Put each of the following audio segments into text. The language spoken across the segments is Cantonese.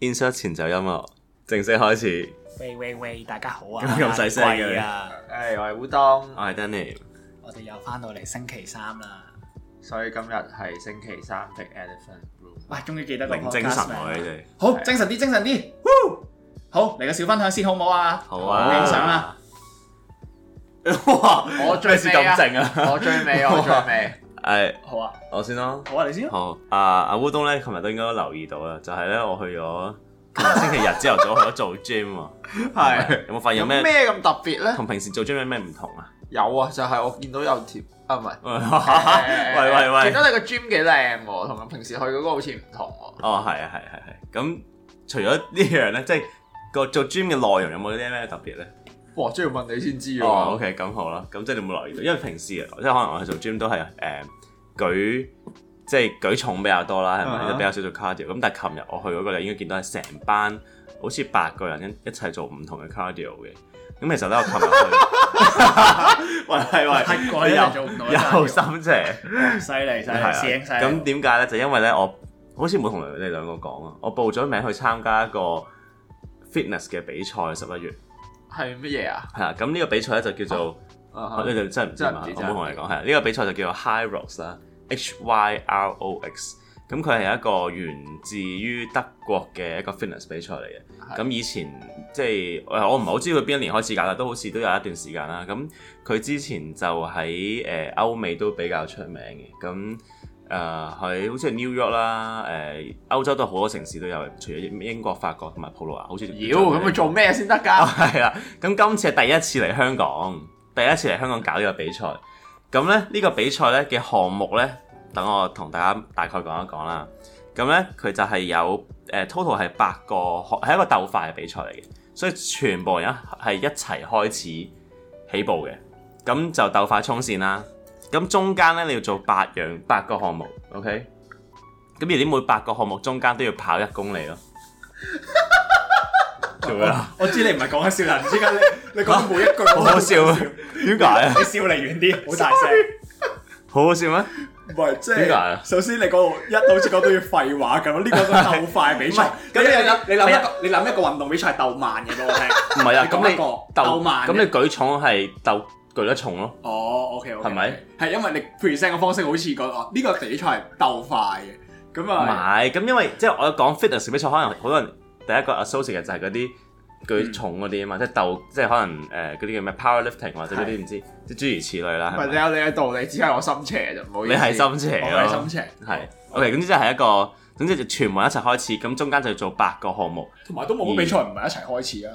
Insert 前奏音樂正式開始。喂喂喂，大家好啊！咁咁細聲嘅。誒，我係烏冬，我係 Denim。我哋又翻到嚟星期三啦，所以今日係星期三的 Elephant Room。喂，終於記得個名，精神喎你哋。好，精神啲，精神啲。好，嚟個小分享先好唔好啊？好啊。分享啦。哇，我最尾咁靜啊！我最尾，我最尾。誒，是好啊，我先咯，先咯好啊，你先。好，阿阿烏冬咧，琴日都應該都留意到啦，就係、是、咧，我去咗星期日朝頭早去咗做 gym 啊。係，有冇發現有咩咩咁特別咧？同平時做 gym 有咩唔同啊？有啊，就係、是、我見到有條啊，唔係， 呃、喂喂喂，見到你個 gym 幾靚，同平時去嗰個好似唔同。哦，係啊，係係係，咁除咗呢樣咧，即係個做 gym 嘅內容有冇啲咩特別咧？哇！都要問你先知喎。哦。OK，咁好啦。咁即係你冇留意到，因為平時即係可能我去做 gym 都係誒、呃、舉，即係舉重比較多啦，係咪？都吧比較少做 cardio。咁但係琴日我去嗰個咧，應該見到係成班好似八個人一一齊做唔同嘅 cardio 嘅。咁其實咧，我琴日去，係話黑鬼又由做唔到 cardio，又心直，犀利、犀利，咁點解咧？就因為咧，我好似冇同你哋兩個講啊，我報咗名去參加一個 fitness 嘅比賽，十一月。係乜嘢啊？係啦，咁呢個比賽咧就叫做，你就真係唔知嘛？我冇同你講係，呢個比賽就叫做 HYROX 啦，Hyrox, H Y R O X。咁佢係一個源自於德國嘅一個 fitness 比賽嚟嘅。咁的以前即係、就是、我唔係好知佢邊一年開始搞啦，都好似都有一段時間啦。咁佢之前就喺誒、呃、歐美都比較出名嘅。咁誒係，好似 New York 啦，誒、呃、歐洲都好多城市都有，除咗英、英國、法國同埋葡萄牙，好似妖咁佢做咩先得㗎？係啊、哦，咁今次係第一次嚟香港，第一次嚟香港搞呢個比賽。咁咧呢、呢個比賽咧嘅項目咧，等我同大家大概講一講啦。咁咧佢就係有誒 total 係八個，係一個鬥快嘅比賽嚟嘅，所以全部人係一齊開始起步嘅，咁就鬥快衝線啦。咁中間咧你要做八樣八個項目，OK？咁而啲每八個項目中間都要跑一公里咯。做咩啊？我知你唔係講緊笑，但係唔知點解你你講到每一句都好笑，點解啊？你笑離遠啲，好大聲，好好笑咩？唔係即係，首先你講到一，好似講到要廢話咁。呢個係鬥快比賽，咁你諗你諗一個你諗一個運動比賽鬥慢嘅俾我聽，唔係啊？咁你鬥慢，咁你舉重係鬥。舉得重咯，OK，係咪？係因為你 present 嘅方式好似講呢個比賽係鬥快嘅，咁啊，唔係咁因為即係我講 fitness 比賽，可能好多人第一個 associate 就係嗰啲舉重嗰啲啊嘛，即係鬥即係可能誒嗰啲叫咩 powerlifting 或者嗰啲唔知即係諸如此類啦。唔係你有你嘅道理，只係我心邪就唔好意思。你係心邪咯，心邪係。OK，咁即係一個，總之就全部一齊開始，咁中間就要做八個項目，同埋都冇比賽唔係一齊開始啊。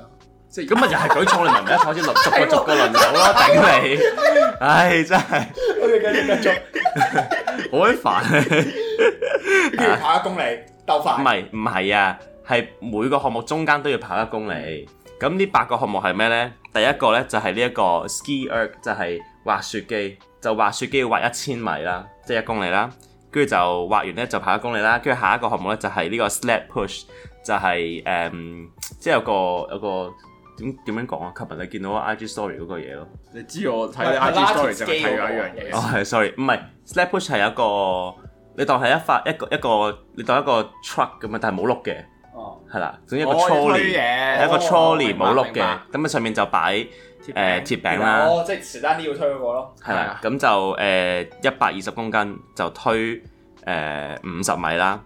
即係咁咪又係舉重？你明明一開始輪逐個逐個輪流啦，頂你！唉，真係我哋繼續繼續，好鬼煩啊！跟住跑一公里鬥快。唔係唔係啊，係每個項目中間都要跑一公里。咁呢八個項目係咩咧？第一個咧就係呢一個 ski erg，就係滑雪機，就滑雪機要滑一千米啦，即係一公里啦。跟住就滑完咧就跑一公里啦。跟住下一個項目咧就係呢個 sled push，就係誒，即係有個有個。咁點樣講啊？琴日你見到 I G Story 嗰個嘢咯？你知我睇 I G Story 就係睇咗一樣嘢。哦，係，sorry，唔係 Sled Push 係一個，你當係一發一個一個，你當一個 truck 咁啊，但係冇碌嘅，哦，係啦，總之，一個 trolley，係一個 trolley 冇碌嘅，咁啊上面就擺誒鐵餅啦，即係時單啲要推嗰個咯，係啦，咁就誒一百二十公斤就推誒五十米啦，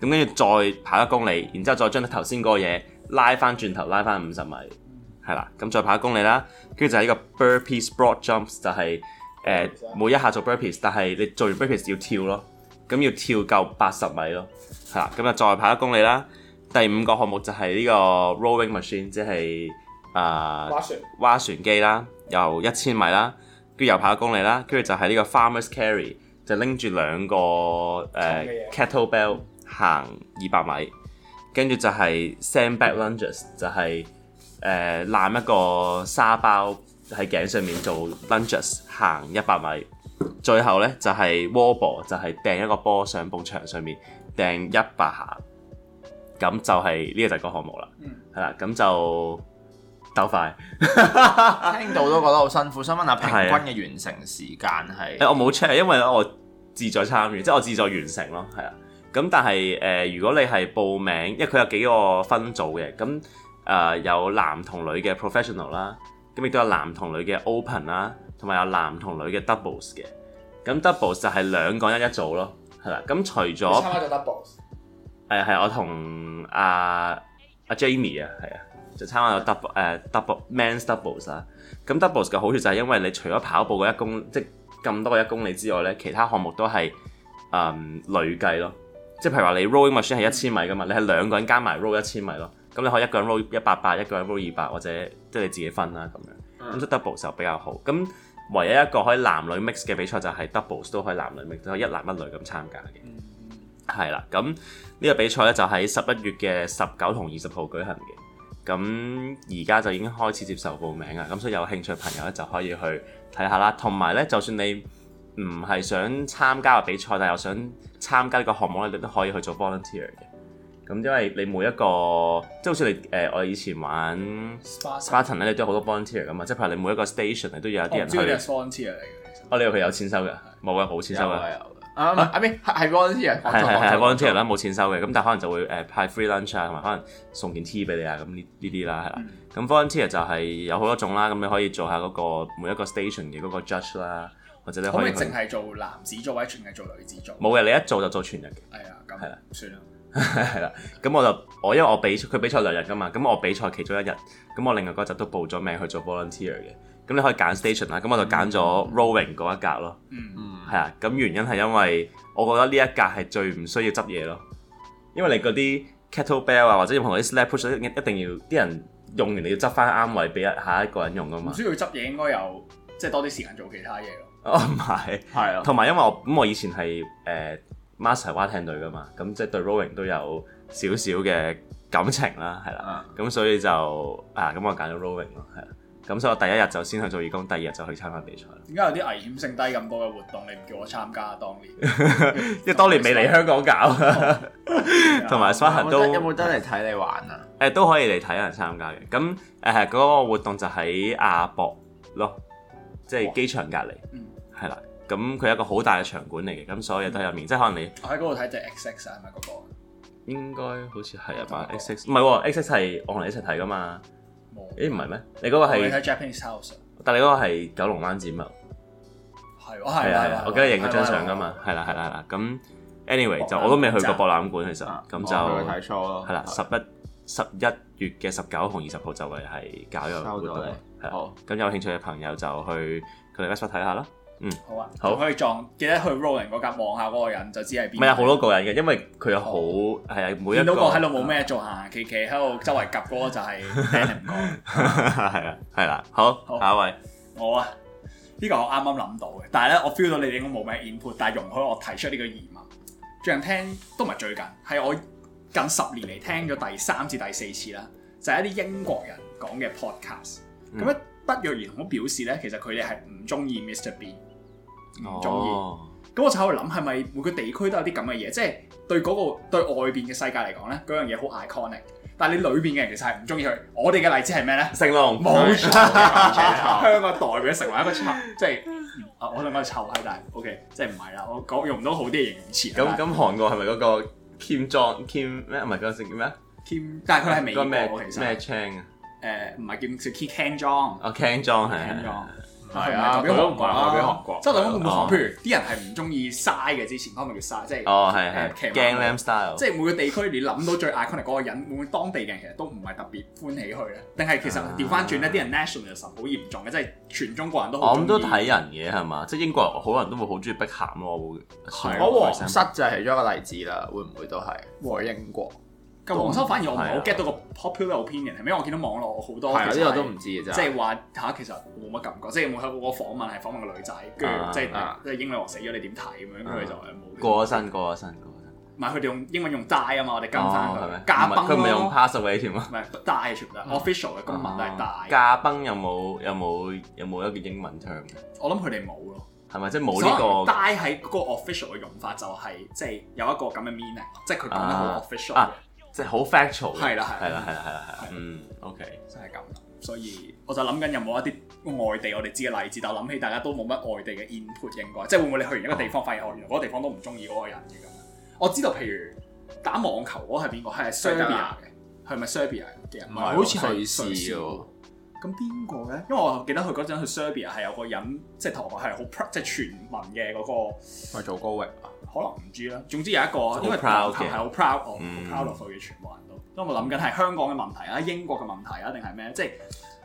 咁跟住再跑一公里，然之後再將你頭先嗰個嘢拉翻轉頭，拉翻五十米。係啦，咁再跑一公里啦，跟住就係呢個 burpee broad jumps，就係、是、誒、呃、每一下做 burpee，但係你做完 burpee 要跳咯，咁要跳夠八十米咯，係啦，咁啊再跑一公里啦。第五個項目就係呢個 rowing machine，即係啊，划、呃、船，划船機啦，又一千米啦，跟住又跑一公里啦，跟住就係呢個 farmer's carry，就拎住兩個誒 k、呃、ettlebell 行二百米，跟住就係 sandbag lunges，就係、是。誒、呃、攬一個沙包喺頸上面做 lunges 行一百米，最後呢，就係、是、wall ball 就係掟一個波上埲牆上面掟一百下，咁就係、是、呢、這個就係個項目啦。係啦、嗯，咁就鬥快 聽到都覺得好辛苦。想問下平均嘅完成時間係？我冇 check，因為我志在參與，即、就、係、是、我志在完成咯。係啦，咁但係誒、呃，如果你係報名，因為佢有幾個分組嘅咁。誒、uh, 有男同女嘅 professional 啦、啊，咁亦都有男同女嘅 open 啦、啊，同埋有男同女嘅 doubles 嘅、啊。咁 doubles、啊、double 就係兩個人一組咯，係、啊、啦。咁除咗參加咗 doubles，誒係、啊、我同阿阿 Jamie 啊，係啊，就參加咗 double 誒 double man's doubles 啊。咁 doubles 嘅好處就係因為你除咗跑步嘅一公，即、就、咁、是、多嘅一公里之外咧，其他項目都係誒、嗯、累計咯。即係譬如話你 rowing machine 係一千米噶嘛，你係兩個人加埋 row 一千米咯。咁你可以一個人 roll 一百八，一個人 roll 二百，或者即係、就是、你自己分啦咁樣。咁出 double 就比較好。咁唯一一個可以男女 mix 嘅比賽就係 double，都可以男女 mix，都可以一男一女咁參加嘅。係啦、mm，咁、hmm。呢個比賽咧就喺十一月嘅十九同二十號舉行嘅。咁而家就已經開始接受報名啦！咁所以有興趣嘅朋友咧就可以去睇下啦。同埋咧，就算你唔係想參加個比賽，但又想參加呢個項目咧，你都可以去做 volunteer 嘅。咁因為你每一個，即係好似你誒，我以前玩 Spartan 咧，你都有好多 volunteer 㗎嘛。即係譬如你每一個 station 咧，都有啲人。我知道係 volunteer 嚟嘅。哦，你度佢有錢收嘅，冇嘅冇錢收嘅。啊唔啊邊係 volunteer？係係係 volunteer 啦，冇錢收嘅。咁但係可能就會誒派 free lunch 啊，同埋可能送件 T 俾你啊，咁呢呢啲啦係啦。咁 volunteer 就係有好多種啦。咁你可以做下嗰個每一個 station 嘅嗰個 judge 啦，或者你可以。可唔可以淨係做男子做或者淨係做女子做？冇嘅，你一做就做全日嘅。係啊，咁係啦，算啦。係啦，咁 我就我因為我比賽佢比賽兩日噶嘛，咁我比賽其中一日，咁我另外嗰集都報咗名去做 volunteer 嘅，咁你可以揀 station 啦，咁我就揀咗 rowing 嗰一格咯，係啊、mm，咁、hmm，原因係因為我覺得呢一格係最唔需要執嘢咯，因為你嗰啲 kettlebell 啊，或者用同啲 sled push 一定要啲人用完你要執翻啱位俾下一個人用噶嘛，唔需要執嘢，應該有即係、就是、多啲時間做其他嘢咯，哦唔係，係啊了，同埋因為我咁我以前係誒。呃 master 係蛙艇隊噶嘛，咁即係對 rowing 都有少少嘅感情啦，係啦，咁、啊、所以就啊咁我揀咗 rowing 咯，係啦，咁所以我第一日就先去做義工，第二日就去參加比賽。點解有啲危險性低咁多嘅活動，你唔叫我參加、啊、當年？ 因為當年未嚟香港搞，同埋 s i r e 都有冇得嚟睇你玩啊？誒、欸、都可以嚟睇，有人參加嘅。咁誒嗰個活動就喺亞博咯，即係機場隔離，係、嗯、啦。咁佢係一個好大嘅場館嚟嘅，咁所有嘢都喺入面，即係可能你我喺嗰度睇就 X X 啊，係咪嗰個？應該好似係啊嘛，X X 唔係，X X 係我同你一齊睇噶嘛。冇，誒唔係咩？你嗰個係？你睇 Japanese House。但你嗰個係九龍灣展啊？係，係，係，我記得影咗張相噶嘛，係啦，係啦，係啦。咁 Anyway 就我都未去過博覽館，其實咁就睇錯係啦，十一十一月嘅十九同二十號就係係搞咗個活動嚟，好。咁有興趣嘅朋友就去佢哋間 show 睇下啦。嗯，好啊，好可以撞，記得去 rolling 嗰格望下嗰個人就知係邊。唔係啊，好多個人嘅，因為佢有好係啊，每一個見到個喺度冇咩做，行行企企喺度周圍 𥄫 嗰就係聽人講，係啊，係啦，好，下一位我啊，呢、呢個我啱啱諗到嘅，但係咧我 feel 到你哋應該冇咩 input，但係容許我提出呢個疑問。最近聽都唔係最近，係我近十年嚟聽咗第三次第四次啦，就係、係、一啲英國人講嘅 podcast，咁樣不約而同都表示咧，其實佢哋係唔中意 Mr B。唔中意，咁、oh。我就喺度諗，係咪每個地區都有啲咁嘅嘢？即係對嗰、嗰個對外邊嘅世界嚟講咧，嗰樣嘢好 iconic，但係你裏邊嘅人其實係唔中意佢。我哋嘅例子係咩咧？成龍冇錯， 香港代表成為一個臭， 即係我哋講臭係，但係 OK，即係唔係啦，我講用唔到好啲嘅形容詞。咁咁韓國係咪嗰個 Kim Jong Kim 咩？唔係嗰個姓叫咩啊？Kim，但係佢係美國嘅，其實咩青啊？誒，唔係、呃、叫叫 Kim Jong，哦 Kim Jong 係。係啊，特別韓國啊，特別韓國。真係我覺得會唔會譬如啲人係唔中意嘥嘅？之前嗰個叫嘥，即係哦係係。Gangnam Style，即係每個地區你諗到最 iconic 嗰個人，會唔會當地人其實都唔係特別歡喜去咧？定係其實調翻轉咧，啲人 nationalism 好嚴重嘅，即係全中國人都。我我都睇人嘅係嘛，即係英國人好多人都會好中意碧咸咯，會係。我皇室就係一個例子啦，會唔會都係和英國？黃生反而我唔係好 get 到個 popular opinion 係咪？我見到網絡好多，呢個都唔知嘅即係話嚇，其實冇乜感覺。即係我我訪問係訪問個女仔，跟住即係即係英女王死咗，你點睇咁樣？佢就冇過咗身，過咗身，過咗身。唔係佢哋用英文用 die 啊嘛？我哋跟翻佢，駕崩佢唔係用 pass away 添唔係 die 嘅條，official 嘅公文都係 die。駕崩有冇有冇有冇一個英文 term？我諗佢哋冇咯。係咪即係冇呢個 die 喺嗰個 official 嘅用法就係即係有一個咁嘅 meaning，即係佢講得好 official。即係好 factual 嘅，係啦係啦係啦係啦係啦，啦嗯，啦啦嗯，OK，真係咁，所以我就諗緊有冇一啲外地我哋知嘅例子，但係我諗起大家都冇乜外地嘅 input，應該即係會唔會你去完一個地方發現，哦，原來嗰個地方都唔中意嗰個人嘅咁？我知道譬如打網球嗰係邊個係 Serbia 嘅，係咪 Serbia 嘅人？唔係、啊、好似瑞士喎？咁邊個咧？因為我記得佢嗰陣去 Serbia 係有個人，即係同學係好即係全民嘅嗰、那個，係做高域啊。可能唔知啦，總之有一個，因為足球係好 proud，我 proud 到去全部人都，所以我諗緊係香港嘅問題啊，英國嘅問題啊，定係咩？即係、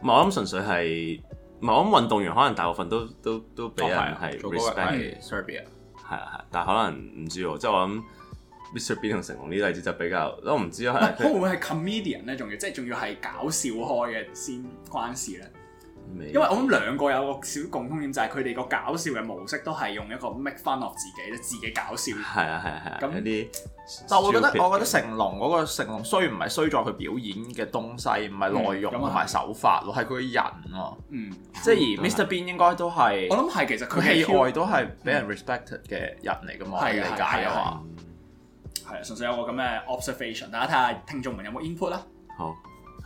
嗯、我諗純粹係，我諗運動員可能大部分都都都俾人係 respect Serbia 啊係，但可能唔知喎，即係我諗 Mr. Bean 同成龍呢啲例子就比較，都唔知啊。會唔會係 comedian 咧？仲要即係仲要係搞笑開嘅先關事咧？因為我諗兩個有個小共通點，就係佢哋個搞笑嘅模式都係用一個 make fun of 自己咧，自己搞笑。係啊係啊係啊。咁，但我覺得我覺得成龍嗰個成龍雖然唔係衰在佢表演嘅東西，唔係內容同埋手法咯，係佢個人喎。嗯。即係而 Mr Bean 應該都係我諗係其實佢戲外都係俾人 respect 嘅人嚟㗎嘛？你理解啊嘛？係啊，純粹有個咁嘅 observation，大家睇下聽眾們有冇 input 啦。好，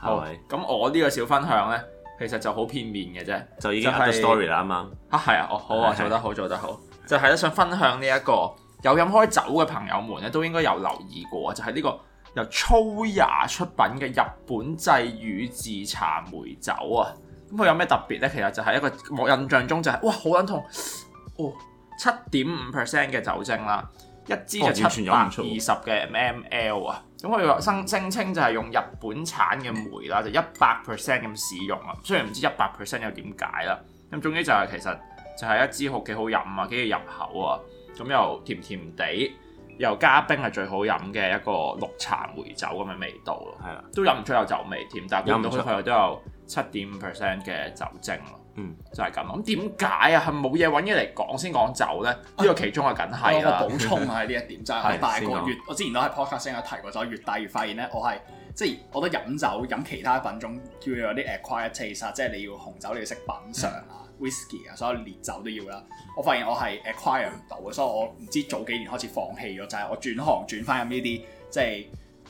各位。咁我呢個小分享咧。其實就好片面嘅啫，就已經好多 story 啦啱啱。嚇係、就是、啊，我、啊、好啊，啊做得好，啊、做得好。啊、就係咧，想分享呢、這、一個有飲開酒嘅朋友們咧，都應該有留意過，就係、是、呢個由 Choya 出品嘅日本製宇治茶梅酒啊。咁佢有咩特別呢？其實就係一個我印象中就係、是，哇，好撚痛哦，七點五 percent 嘅酒精啦。一支、mm 哦、就七百二十嘅 mL 啊，咁佢生聲稱就係用日本產嘅梅啦，就一百 percent 咁使用啊。雖然唔知一百 percent 又點解啦，咁總之就係、是、其實就係一支好幾好飲啊，幾易入口啊，咁又甜甜地，又加冰係最好飲嘅一個綠茶梅酒咁嘅味道咯。係啊的，都飲唔出有酒味添，但係飲到出去都有七點五 percent 嘅酒精。嗯，就係咁，咁點解啊？係冇嘢揾嘢嚟講先講酒咧？呢個其中啊，梗係啦。補充下呢一點，就係 大個月，說我之前都喺 podcast 聲提過。就我越大越發現咧，我係即係覺得飲酒飲其他品種，叫做有啲 acquired taste 啊，即係你要紅酒你要識品嚐啊，whisky 啊，所有烈酒都要啦。我發現我係 acquire 唔到嘅，所以我唔知早幾年開始放棄咗，就係、是、我轉行轉翻入呢啲即係。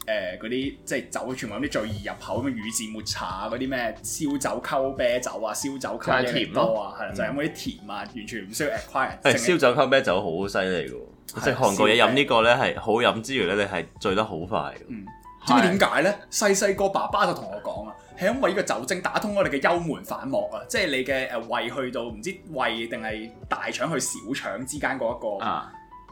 誒嗰啲即係酒，全部啲最易入口，咁乳字抹茶嗰啲咩燒酒溝啤酒啊，燒酒溝甜多啊，係就係咁嗰啲甜啊，完全唔需要 acquired。係燒酒溝啤酒好犀利㗎，即係韓國嘢飲呢個咧係好飲之餘咧，你係醉得好快。嗯，知唔知點解咧？細細個爸爸就同我講啊，係因為呢個酒精打通我哋嘅幽門反膜啊，即係你嘅誒胃去到唔知胃定係大腸去小腸之間嗰一個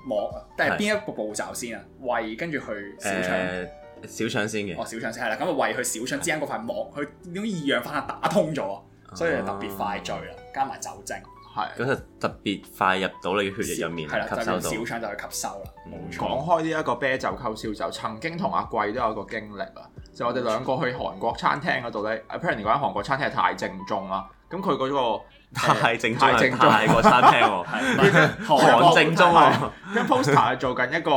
膜，但係邊一個步驟先啊？胃跟住去小腸。小腸先嘅，哦，小腸先係啦，咁啊，胃去小腸之間嗰塊膜，佢嗰種二氧化打通咗，所以就特別快醉啦，加埋酒精，係，咁就特別快入到你嘅血液入面，係啦，就小腸就去吸收啦。講開呢一個啤酒溝燒酒，曾經同阿貴都有個經歷啊，就我哋兩個去韓國餐廳嗰度咧 apparently 嗰間韓國餐廳係太正宗啦，咁佢嗰個太正太正宗個餐廳喎，韓正宗喎，跟 poster 係做緊一個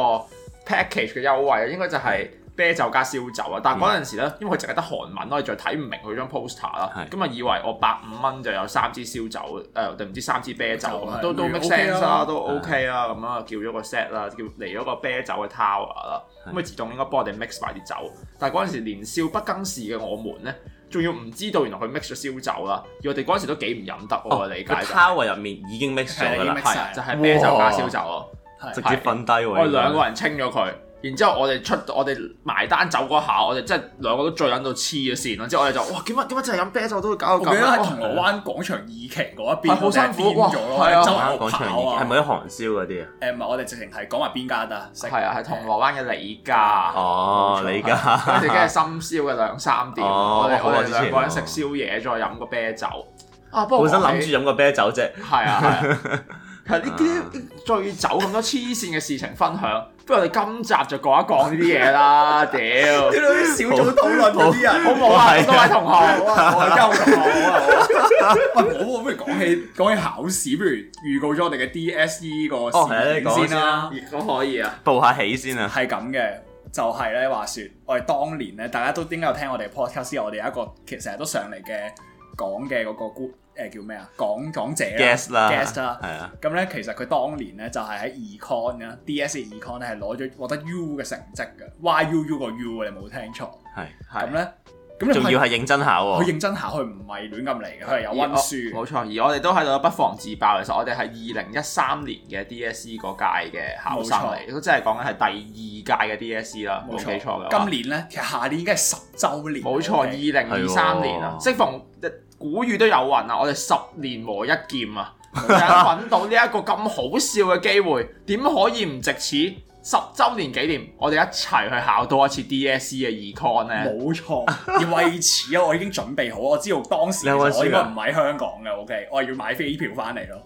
package 嘅優惠，應該就係。啤酒加燒酒啊！但係嗰陣時咧，因為佢淨係得韓文咯，你再睇唔明佢張 poster 啦，咁啊以為我百五蚊就有三支燒酒誒定唔知三支啤酒咁，都都 mix 成啦，都 OK 啦。咁啊叫咗個 set 啦，叫嚟咗個啤酒嘅 tower 啦，咁啊自動應該幫我哋 mix 埋啲酒，但係嗰陣時年少不更事嘅我們咧，仲要唔知道原來佢 mix 咗燒酒啦，我哋嗰陣時都幾唔飲得喎，理解。個 tower 入面已經 mix 成啦，就係啤酒加燒酒咯，直接瞓低喎已經。我哋兩個人清咗佢。然之後我哋出我哋埋單走嗰下，我哋即係兩個都醉飲到黐咗線咯。之後我哋就哇，點解點解淨係飲啤酒都會搞到咁？我記得係銅鑼灣廣場二期嗰一邊，好辛苦咗咯。銅鑼灣廣場二期係咪啲韓燒嗰啲？誒，唔係，我哋直情係講埋邊家得。係啊，係銅鑼灣嘅李家。哦，李家。我哋梗係深宵嘅兩三點，我哋我哋兩個人食宵夜再飲個啤酒。啊，不過本身諗住飲個啤酒啫。係啊！係啊！係呢啲醉酒咁多黐線嘅事情分享，不如我哋今集就講一講呢啲嘢啦。屌 掉，啲 小組討論嗰啲啊，好冇啊，好好的多位同學， 好啊，各位同學，好啊。我我不如講起講起考試，不如預告咗我哋嘅 DSE 個試題先啦，亦都可以啊，報下喜先啊。係咁嘅，就係、是、咧。話説我哋當年咧，大家都點解有聽我哋 podcast？先我哋有一個，其實成日都上嚟嘅講嘅嗰、那個觀。誒叫咩啊？講講者啦，guest 啦，guest 啦，係啊。咁咧，其實佢當年咧就係喺 Econ 啦，DSE Econ 咧係攞咗獲得 U 嘅成績嘅，Y U U 個 U 你冇聽錯，係。咁咧，咁仲要係認真考喎，佢認真考，佢唔係亂咁嚟嘅，佢係有温書。冇錯，而我哋都喺度不妨自爆，其實我哋係二零一三年嘅 DSE 嗰屆嘅考生嚟，都真係講緊係第二屆嘅 DSE 啦，冇記錯嘅。今年咧，其實下年應該係十週年，冇錯，二零二三年啊，即逢古語都有云啊！我哋十年磨一劍啊，揾到呢一個咁好笑嘅機會，點可以唔值此十周年紀念？我哋一齊去考多一次 DSE 嘅 Econ 咧！冇錯，而為此啊，我已經準備好，我知道當時我應該唔喺香港嘅，OK，我係要買飛票翻嚟咯。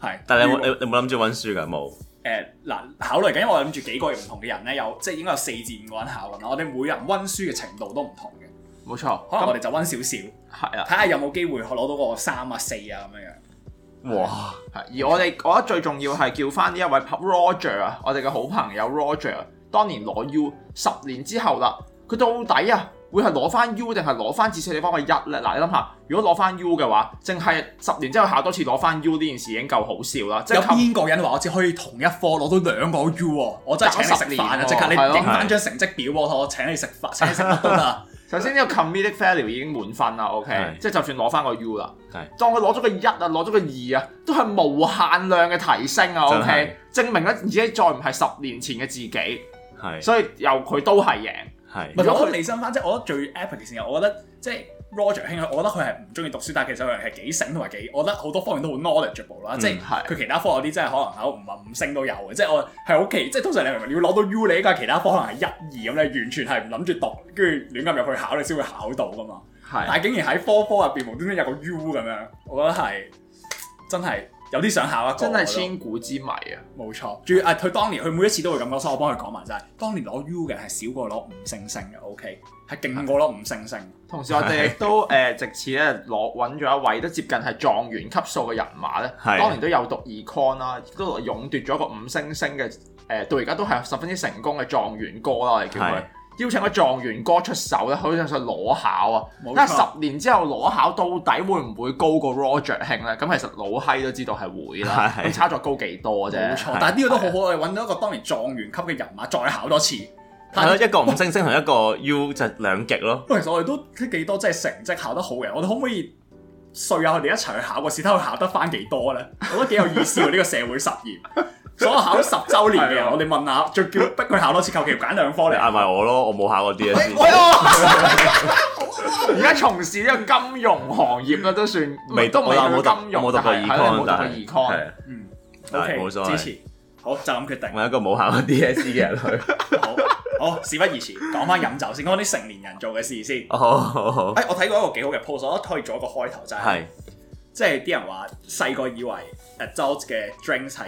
係，但係你有冇你你冇諗住温書㗎？冇，誒嗱，考慮緊，因為我諗住幾個唔同嘅人咧，有即係應該有四至五個人考運啦。我哋每人温書嘅程度都唔同嘅。冇錯，可能我哋就温少少，係的啊，睇下有冇機會攞到個三啊、四啊咁樣樣。哇！而我哋我覺得最重要係叫翻呢一位 Roger 啊，我哋嘅好朋友 Roger，當年攞 U 十年之後啦，佢到底啊會係攞翻 U 定係攞翻至少你返個一咧？嗱，你諗下，如果攞翻 U 嘅話，淨係十年之後下多次攞翻 U 呢件事已經夠好笑啦。即係、有邊個人話我只可以同一科攞到兩個 U？我真係請食飯啊！即刻你影翻張成績表喎，的我，我請你食飯， 請你食乜都得首先呢個 comedic 的 value 已經滿分啦，OK，是即係就算攞翻個 U 啦，是當佢攞咗個一啊，攞咗個二啊，都係無限量嘅提升啊，OK，證明咧自己再唔係十年前嘅自己，係是，所以由佢都係贏，係是，唔係攞佢提升翻，即係、就是、我覺得最 effort 嘅時候，我覺得即係。就是 Roger 兄，我覺得佢係唔中意讀書，但係其實佢係幾醒同埋幾，我覺得好多方面都好 knowledgeable 啦。即係佢其他科嗰啲真係可能考唔話五星都有嘅。即係我係好奇。即係通常你明明你要攞到 U 你依家其他科可能係一二咁你完全係唔諗住讀，跟住亂咁入去考你先會考到噶嘛。但係竟然喺科科入邊無端端有個 U 咁樣，我覺得係真係。有啲想考一個，真係千古之謎啊！冇也錯，仲要啊！佢當年佢每一次都會咁講，所以我幫佢講埋先、就是。當年攞 U 嘅係少過攞五星星嘅，OK，係勁過攞五星星。是的 同時我哋亦都誒，直至咧攞揾咗一位都接近係狀元級數嘅人馬咧。係，是的 當年都有讀 Econ 啦，都勇奪咗一個五星星嘅誒、呃，到而家都係十分之成功嘅狀元哥啦，我哋叫佢。是的 邀請個狀元哥出手咧，好想上裸考啊！依家錯十年之後裸考，到底會唔會高過 Roger 兄咧？咁其實老閪都知道係會啦，咁的差咗高幾多啫？冇的錯，的但係呢個都好好，我哋揾到一個當年狀元級嘅人馬，再考多次，係咯，一個五星星同一個 U 就兩極咯。其實我哋都幾多即係成績考得好嘅，我哋可唔可以聚下佢哋一齊去考個試，睇佢考得翻幾多咧？我覺得幾有意思喎，呢個社會實驗。 所考十周年嘅我哋問下，就叫逼佢考多次，求其揀兩科嚟。唔係我咯，我冇考過 DSE。而家從事呢個金融行業咧，都算未都冇讀金融，就係冇讀過 Econ，冇讀過 Econ。嗯，冇錯，支持。好，就咁決定。揾一個冇考過 DSE 嘅人去。好，好，事不宜遲，講翻飲酒先。講啲成年人做嘅事先。好，好，好。誒，我睇過一個幾好嘅 post，我退咗個開頭就係，即係啲人話細個以為 adult 嘅 drinks 係。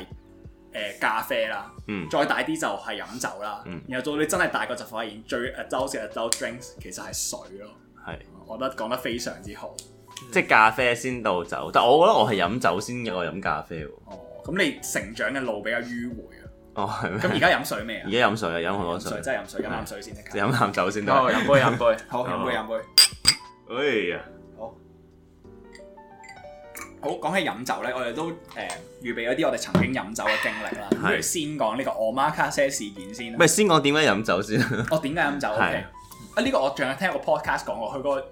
誒咖啡啦，再大啲就係飲酒啦，然後到你真係大個就發現最 adult 嘅 adult drink 其實係水咯，係，我覺得講得非常之好，即係咖啡先到酒，但我覺得我係飲酒先過飲咖啡喎，哦，咁你成長嘅路比較迂迴啊。哦，咁而家飲水咩啊？而家飲水啊，飲好多水，真係飲水，飲啖水先，飲啖酒先，哦，飲杯飲杯，好飲杯飲杯，哎呀～好，講起飲酒咧，我哋都誒、呃、預備咗啲我哋曾經飲酒嘅經歷啦。係是，先講呢個 Omakase 事件先。唔係先講點解飲酒先。我點解飲酒、okay. 是啊呢、這個我仲有聽個 podcast 講過，佢嗰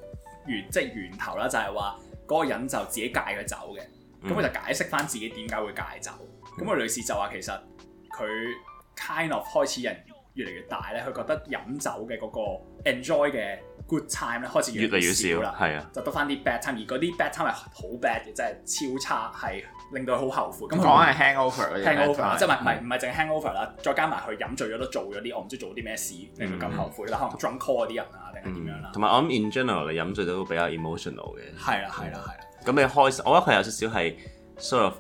源即係、就是、源頭啦，就係話嗰個人就自己戒咗酒嘅。咁佢就解釋翻自己點解會戒酒。咁個女士就話其實佢 kind of 開始人越嚟越大咧，佢覺得飲酒嘅嗰個 enjoy 嘅，Good time 咧，開始越嚟越少啦，係啊，就得翻啲 bad time，而嗰啲 bad time 係好 bad 嘅，真係超差，係令到佢好後悔。咁講緊係 hangover 即係唔係唔係淨係 hangover 啦，的 hang over，再加埋佢飲醉咗都做咗啲我唔知做啲咩事，令佢咁後悔啦，可能 drunk call 啲人啊，定係點樣啦？同埋、嗯、我諗 in general 你飲醉都比較 emotional 嘅。係啦，係啦，係啦。咁你開心，我覺得佢有少少係 sort of。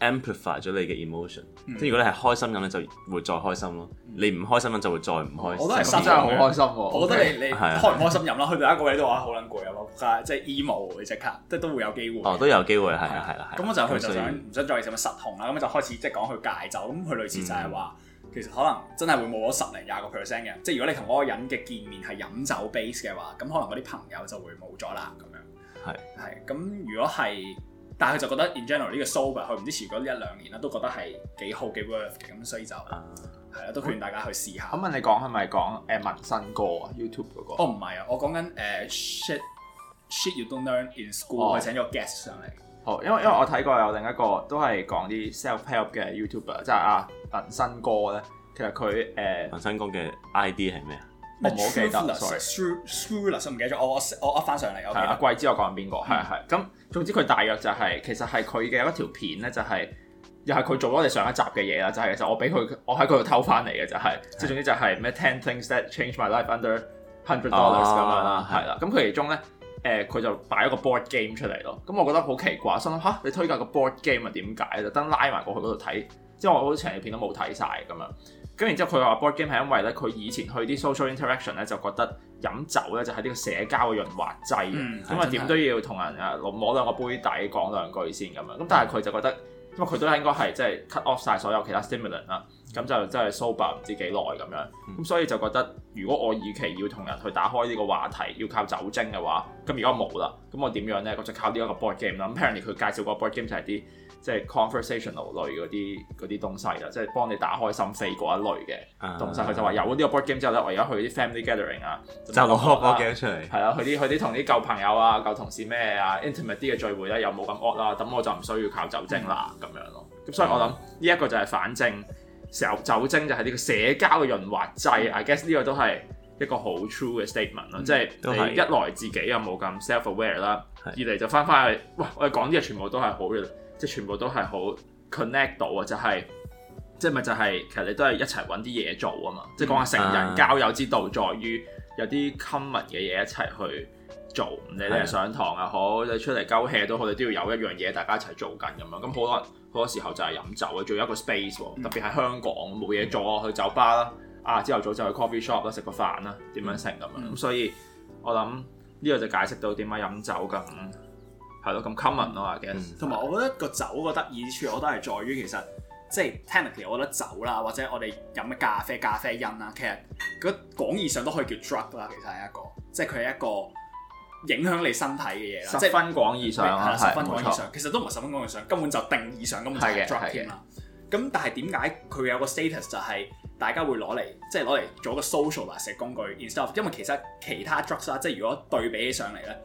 amplify 咗你嘅 emotion，即係如果你係開心飲咧，就會再開心咯；你唔開心飲就會再唔開心。我都係真係好開心，我覺得你你開唔開心飲咯。去到一個位都話好撚攰啊！即係 emo 即刻，即係都會有機會。哦，都有機會，係係啦。咁我就佢就想唔想再試下實紅啦？咁就開始即係講佢戒酒。咁佢類似就係話，其實可能真係會冇咗十零廿個 percent 嘅。即係如果你同嗰個人嘅見面係飲酒 base 嘅話，咁可能嗰啲朋友就會冇咗啦。咁樣係係咁，如果係。但係佢就覺得，in general 呢個 sober，佢唔知前嗰一兩年啦，都覺得係幾好嘅 worth 咁，所以就係啦，都勸大家去試下。咁問你講係咪講誒紋身哥啊 YouTube 嗰、那個？哦，唔係啊，我講緊誒 shit shit you don't learn in school，我、哦、請咗個 guest 上嚟。好，因為因為我睇過有另一個都係講啲 self help 嘅 YouTuber，即係阿、啊、紋身哥咧，其實佢誒紋身哥嘅 ID 係咩？The 我冇記得 ou，sorry，true，trueless，ou 唔記,記得咗，我我我 up 翻上嚟，係啊，貴知我講緊邊個？係係、嗯，咁總之佢大約就係、是，其實係佢嘅一條片咧、就是，就係又係佢做咗我哋上一集嘅嘢啦，就係、是、其實我俾佢，我喺佢度偷翻嚟嘅就係、是，即係是的 總之就係咩 ten things that change my life under hundred dollars 咁樣啦，係啦，咁佢的的其中咧誒，佢、呃、就擺咗個 board game 出嚟咯，咁、嗯、我覺得好奇怪，心諗吓、啊，你推介個 board game 啊點解？等拉埋過去嗰度睇，即係我好我成條片都冇睇晒。」咁樣。咁然之後佢話 board game 係因為咧佢以前去啲 social interaction 咧就覺得飲酒咧就係呢個社交嘅潤滑劑，咁啊點都要同人啊攞兩個杯底講兩句先咁樣。咁、嗯、但係佢就覺得，嗯、因為佢都應該係即係 cut off 晒所有其他 stimulant 啦，咁就真係 sober 唔知幾耐咁樣。咁、嗯、所以就覺得，如果我以期要同人去打開呢個話題，要靠酒精嘅話，咁如果冇啦，咁我點樣咧？我就靠呢一個 board game 啦。咁 Apparently 佢介紹個 board game 就係啲。即係 conversational 類嗰啲啲東西啦，即係幫你打開心扉嗰一類嘅東西。佢、uh, 就話有咗呢個 board game 之後咧，我而家去啲 family gathering 啊，嗯、就攞 board game 出嚟。係啊，波波去啲去啲同啲舊朋友啊、舊同事咩啊 intimate 啲嘅聚會咧，啊，又冇咁 hot 啦。咁、嗯嗯、我就唔需要靠酒精啦，咁樣咯。咁所以我諗呢一個就係反正酒精就係呢個社交嘅潤滑劑。I guess 呢個都係一個好 true 嘅 statement 咯，嗯。即係一來自己又冇咁 self aware 啦，嗯啊，二嚟就翻翻去。喂，我哋講啲嘢全部都係好嘅。即係全部都係好 connect 到啊！就係即係咪就係、是就是、其實你都係一齊揾啲嘢做啊嘛！即係講下成人、uh, 交友之道，在於有啲 common 嘅嘢一齊去做。你哋上堂又、啊、Yeah. 好，你出嚟交 h 都好，你都要有一樣嘢大家一齊做緊咁樣。咁好多人嗰個時候就係飲酒啊，做一個 space 喎、啊。Mm. 特別喺香港冇嘢做啊，去酒吧啦，啊朝頭早就去 coffee shop 啦，食個飯啦，點樣成咁樣咁？Mm. 所以我諗呢、這個就解釋到點解飲酒咁。係咯，咁 common 咯，I guess。同埋我覺得個、嗯、酒個得意之處，我都係在於其實即係聽落，其、就是、technically 我覺得酒啦，或者我哋飲嘅咖啡、咖啡因啦，其實嗰、那、廣、個、義上都可以叫 drug 啦。其實係一個，即係佢係一個影響你身體嘅嘢啦。即係分廣義上分廣義上，義上錯其實都唔係十分廣義上，根本就定義上根本係 drug 㗎嘛。咁但係點解佢有個 status 就係大家會攞嚟，即係攞嚟做一個 social 垃圾工具？Instead，of, 因為其實其他 drugs 啦，即係如果對比起上嚟咧。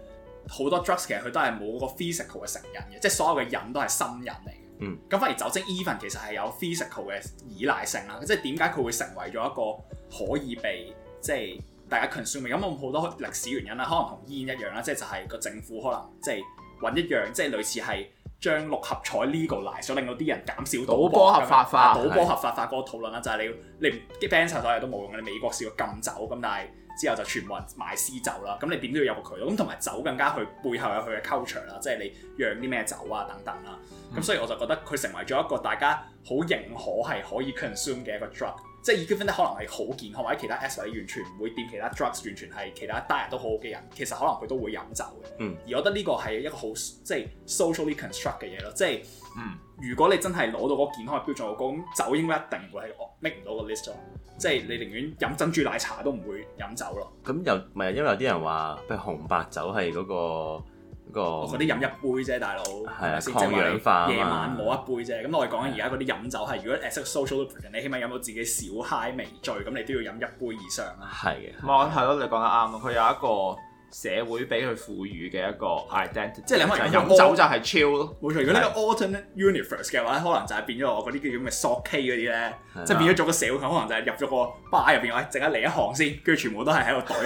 好多 drugs 其實佢都係冇嗰個 physical 嘅成癮嘅，即係所有嘅癮都係心癮嚟嘅。嗯，咁反而酒精 even 其實係有 physical 嘅依賴性啦，即係點解佢會成為咗一個可以被即係大家 consume 嘅、嗯？咁好多歷史原因啦，可能同煙一樣啦，即係就係個政府可能即係揾一樣，即係類似係將六合彩 l e g a l i 所令到啲人減少到。賭波合法化，啊、賭波合法化個討論啦，的就係你你 ban 曬所有都冇用嘅，你美國試過禁酒咁，但係。之後就全部人賣私酒啦，咁你點都要有個渠道，咁同埋酒更加佢背後有佢嘅 culture 啦，即係你釀啲咩酒啊等等啦，咁、嗯、所以我就覺得佢成為咗一個大家好認可係可以 consume 嘅一個 drug。即係 even 可能係好健康，或者其他 aspect 完全唔會掂其他 drugs，完全係其他 diet 都好好嘅人，其實可能佢都會飲酒嘅。嗯。而我覺得呢個係一個好即係 socially construct 嘅嘢咯，即係，嗯。如果你真係攞到嗰個健康嘅標準我講，咁酒應該一定會係 make 唔到個 list 咯。即係你寧願飲珍珠奶茶都唔會飲酒咯。咁又唔係因為有啲人話，譬如紅白酒係嗰個。那個嗰啲飲一杯啫，大佬，係咪先？氧即係話夜晚冇一杯啫。咁的我哋講緊而家嗰啲飲酒係，如果誒識 social drinking, 你起碼飲到自己小嗨未醉，咁你都要飲一杯以上啊。係嘅，冇錯，係咯，你講得啱咯。佢有一個。社會俾佢賦予嘅一個 identity，即係你可能飲酒就係 chill 咯，冇錯。如果呢個 alternate universe 嘅話咧，可能就係變咗我嗰啲叫做咩 socky 嗰啲咧，即係變咗做個社會，可能就係入咗個 bar 入邊，喂，陣間嚟一行先，跟住全部都係喺個隊，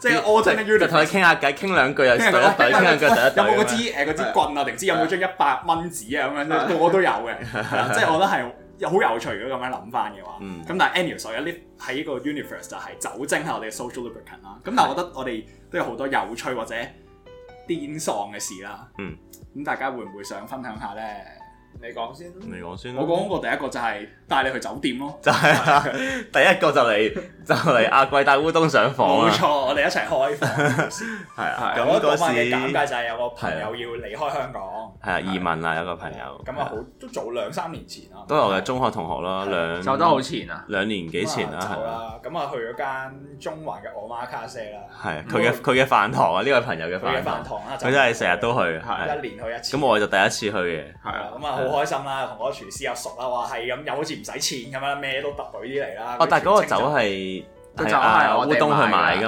即係 alternate universe。同佢傾下偈，傾兩句又隊，有冇嗰支誒支棍啊？定知有冇張一百蚊紙啊？咁樣，我都有嘅，即係我覺得係。好有趣，如果咁樣諗返嘅話，咁、嗯、但係 anyways 所以有啲喺個 universe 就係酒精係我哋嘅 social lubricant 啦是。咁但係我覺得我哋都有好多有趣或者癲喪嘅事啦。嗯，咁大家會唔會想分享下咧？你講先，你講先咯。我講過第一個就係帶你去酒店咯，就係第一個就嚟就嚟阿貴帶烏冬上房啦。冇錯，我哋一齊開房。係啊，咁嗰次嘅尷尬就係有個朋友要離開香港，係啊，移民啦，有個朋友。咁啊，好都早兩三年前啦，都係我嘅中學同學啦，兩就得好前啊，兩年幾前啦。啦，咁啊去咗間中環嘅 Omakase 啦，係啊，佢嘅佢嘅飯堂啊，呢位朋友嘅飯堂啊，佢真係成日都去，一年去一次。咁我就第一次去嘅，係啊，咁啊。好開心啦，同嗰個廚師阿叔啦話，係咁又好似唔使錢咁樣，咩都特到啲嚟啦。哦，但係嗰個酒係，佢酒係烏冬買嘅，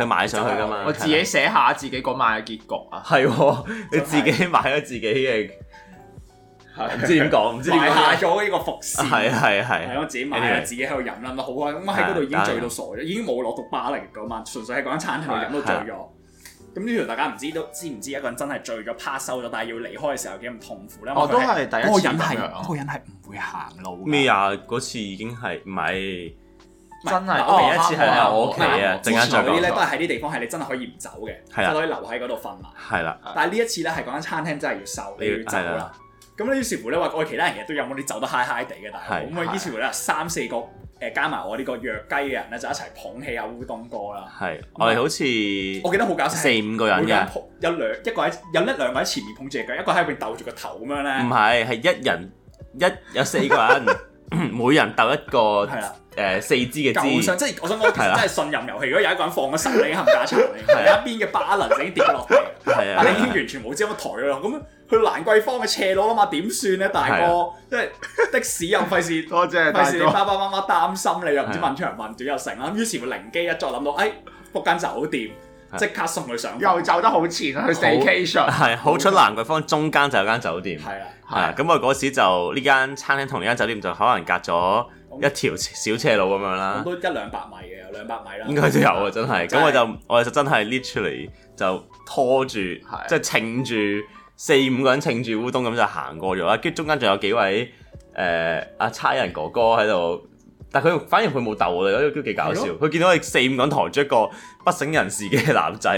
佢買上去㗎嘛。我自己寫下自己嗰晚嘅結局啊。係喎，你自己買咗自己嘅，唔知點講，唔知買下咗呢個伏線。係係係。係我自己買啦，自己喺度飲啦，好啊，咁喺嗰度已經醉到傻咗，已經冇落到巴黎嗰晚，純粹喺嗰餐度飲都醉咗。咁呢條大家唔知都知唔知一個人真係醉咗趴收咗，但係要離開嘅時候有幾咁痛苦咧？我都係，一個人係嗰個人係唔會行路。咩啊？嗰次已經係唔係？真係我第一次係我屋企啊！之前嗰啲咧都係喺啲地方係你真係可以唔走嘅，係可以留喺嗰度瞓埋。係啦，但係呢一次咧係嗰間餐廳真係要收你要走啦。咁咧，於是乎咧話我哋其他人其實都有，冇哋走得嗨嗨地嘅，但係咁啊，於是乎咧三四個。誒加埋我呢個弱雞嘅人咧，就一齊捧起阿烏冬哥啦。係是，麼我哋好似我記得好搞笑，四五個人嘅，有兩一個喺有一兩個喺前面捧住隻腳，一個喺入邊鬥住個頭咁樣咧。唔係，係一人一有四個人。 每人抌一個，係啦，誒四支嘅上。即係我想講，真係信任遊戲。如果有一個人放個心理陷阱，有一邊嘅巴 a l 已經跌落，但係你已經完全冇知有乜抬佢，咁去蘭桂坊嘅斜路啦嘛，點算咧，大哥？即係的士又費事，多費事你爸爸媽媽擔心，你又唔知問長問短又成啦。於是乎靈機一觸，諗到，哎 b o 間酒店，即刻送佢上，又走得好前啦，佢 station 係好出蘭桂坊，中間就有間酒店，係啊。係，咁我嗰時就呢間餐廳同呢間酒店就可能隔咗一條小斜路咁樣啦，都一兩百米嘅，有兩百米啦，應該都有啊，真係。咁我就我哋就真係 literally 就拖住，即係撐住四五個人撐住烏冬咁就行過咗啦。跟住中間仲有幾位誒阿差人哥哥喺度。但佢反而佢冇鬥我哋，都都幾搞笑。佢見到佢四五個人抬住一個不省人事嘅男仔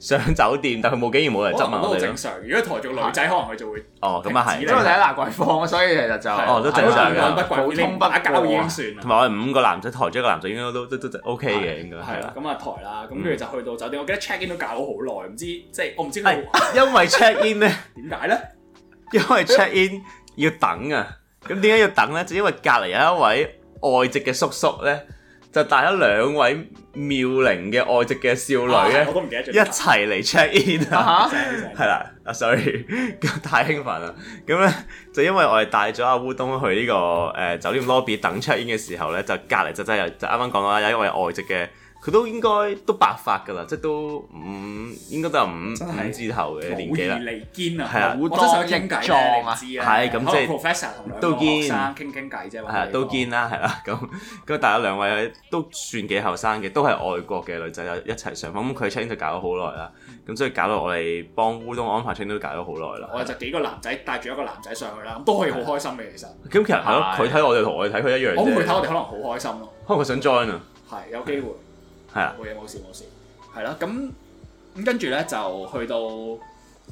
上酒店，但佢冇竟然冇人質問我哋。正常。如果抬做女仔，可能佢就會哦咁啊係。因為喺蘭桂坊，所以其實就哦都正常嘅。不交算同埋我哋五個男仔抬住一個男仔，應該都都都 OK 嘅，應該係啦。咁啊抬啦，咁跟住就去到酒店。我記得 check in 都搞咗好耐，唔知即係我唔知。因為 check in 咧，點解咧？因為 check in 要等啊！咁點解要等咧？就因為隔離有一位。外籍嘅叔叔呢，就帶咗兩位妙齡嘅外籍嘅少女咧，啊、我都唔記得一齊嚟 check in 嚇，係啦、啊， 啊， 啊 sorry，咁太興奮啦，咁呢，就因為我哋帶咗阿烏冬去呢、呢個誒、呃、酒店 lobby 等 check in 嘅時候呢，就隔離就真係就啱啱講到啦，有一位外籍嘅。佢都應該都白髮噶啦，即係都五應該都係五五字頭嘅年紀啦。虎離堅啊！係啊，我真想傾偈咧，你知啦。係咁即係 professor 同兩位學生傾傾偈啫。係啊，都堅啦，係啦。咁咁但係兩位都算幾後生嘅，都係外國嘅女仔一齊上。咁佢 train 就搞咗好耐啦。咁所以搞到我哋幫烏冬安排 train 都搞咗好耐啦。我哋就幾個男仔帶住一個男仔上去啦，咁都可以好開心嘅其實。咁其實佢睇我哋同我哋睇佢一樣啫。我會睇我哋可能好開心咯。可能佢想 join 啊？係有機會。係啊，冇嘢，冇事，冇事，係啦，咁咁跟住咧就去到誒、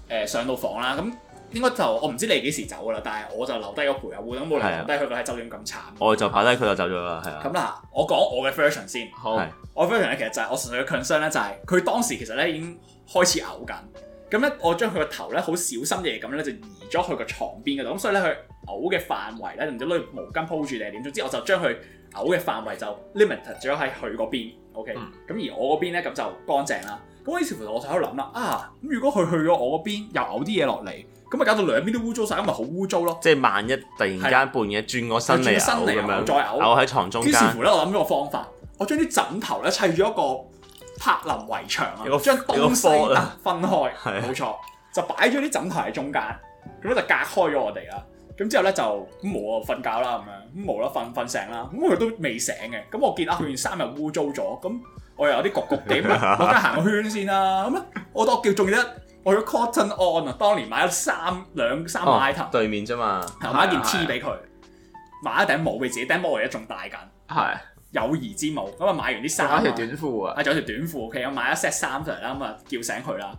呃、上到房啦，咁應該就我唔知你幾時走噶啦，但係我就留低個陪客會咁冇留低佢個喺酒店咁慘，我就爬低佢就走咗啦，係啊。咁嗱，我講我嘅 version 先，好，的我 version 咧其實就係，是，我純粹嘅 concern 咧，就是，就係佢當時其實咧已經開始嘔緊，咁咧我將佢個頭咧好小心嘅咁咧就移咗去個床邊嗰度，咁所以咧佢。嘔嘅範圍咧，唔知攞毛巾鋪住定係點，總之我就將佢嘔嘅範圍就 limit 咗喺佢嗰邊，OK，咁、嗯、而我嗰邊咧咁就乾淨啦。咁於是乎我就喺度諗啦，啊咁如果佢去咗我嗰邊又嘔啲嘢落嚟，咁啊搞到兩邊都污糟晒，咁咪好污糟咯。即係萬一突然間半夜的轉個身嚟嘔，偶再嘔喺床中間。於是乎咧，我諗咗個方法，我將啲枕頭咧砌住一個柏林圍牆啊，將東西分開，冇錯， 就擺咗啲枕頭喺中間，咁樣 就隔開咗我哋啦。咁之後咧就咁冇啊，瞓覺啦咁樣，咁冇啦，瞓瞓醒啦，咁佢都未醒嘅。咁我見啊，佢件衫又污糟咗，咁我又有啲焗焗地， 我梗係行個圈先啦、啊。咁咧，我叫我叫仲記得，我去 Cotton On 啊，當年買咗三兩三 item 對面啫嘛，買一件 T 俾佢，啊啊、買一頂帽俾自己，頂帽我、啊、而家仲戴緊，係友誼之帽。咁啊買完啲衫，買條短褲啊，仲、啊、有條短褲 OK，我買一 set 衫出嚟啦，咁啊叫醒佢啦。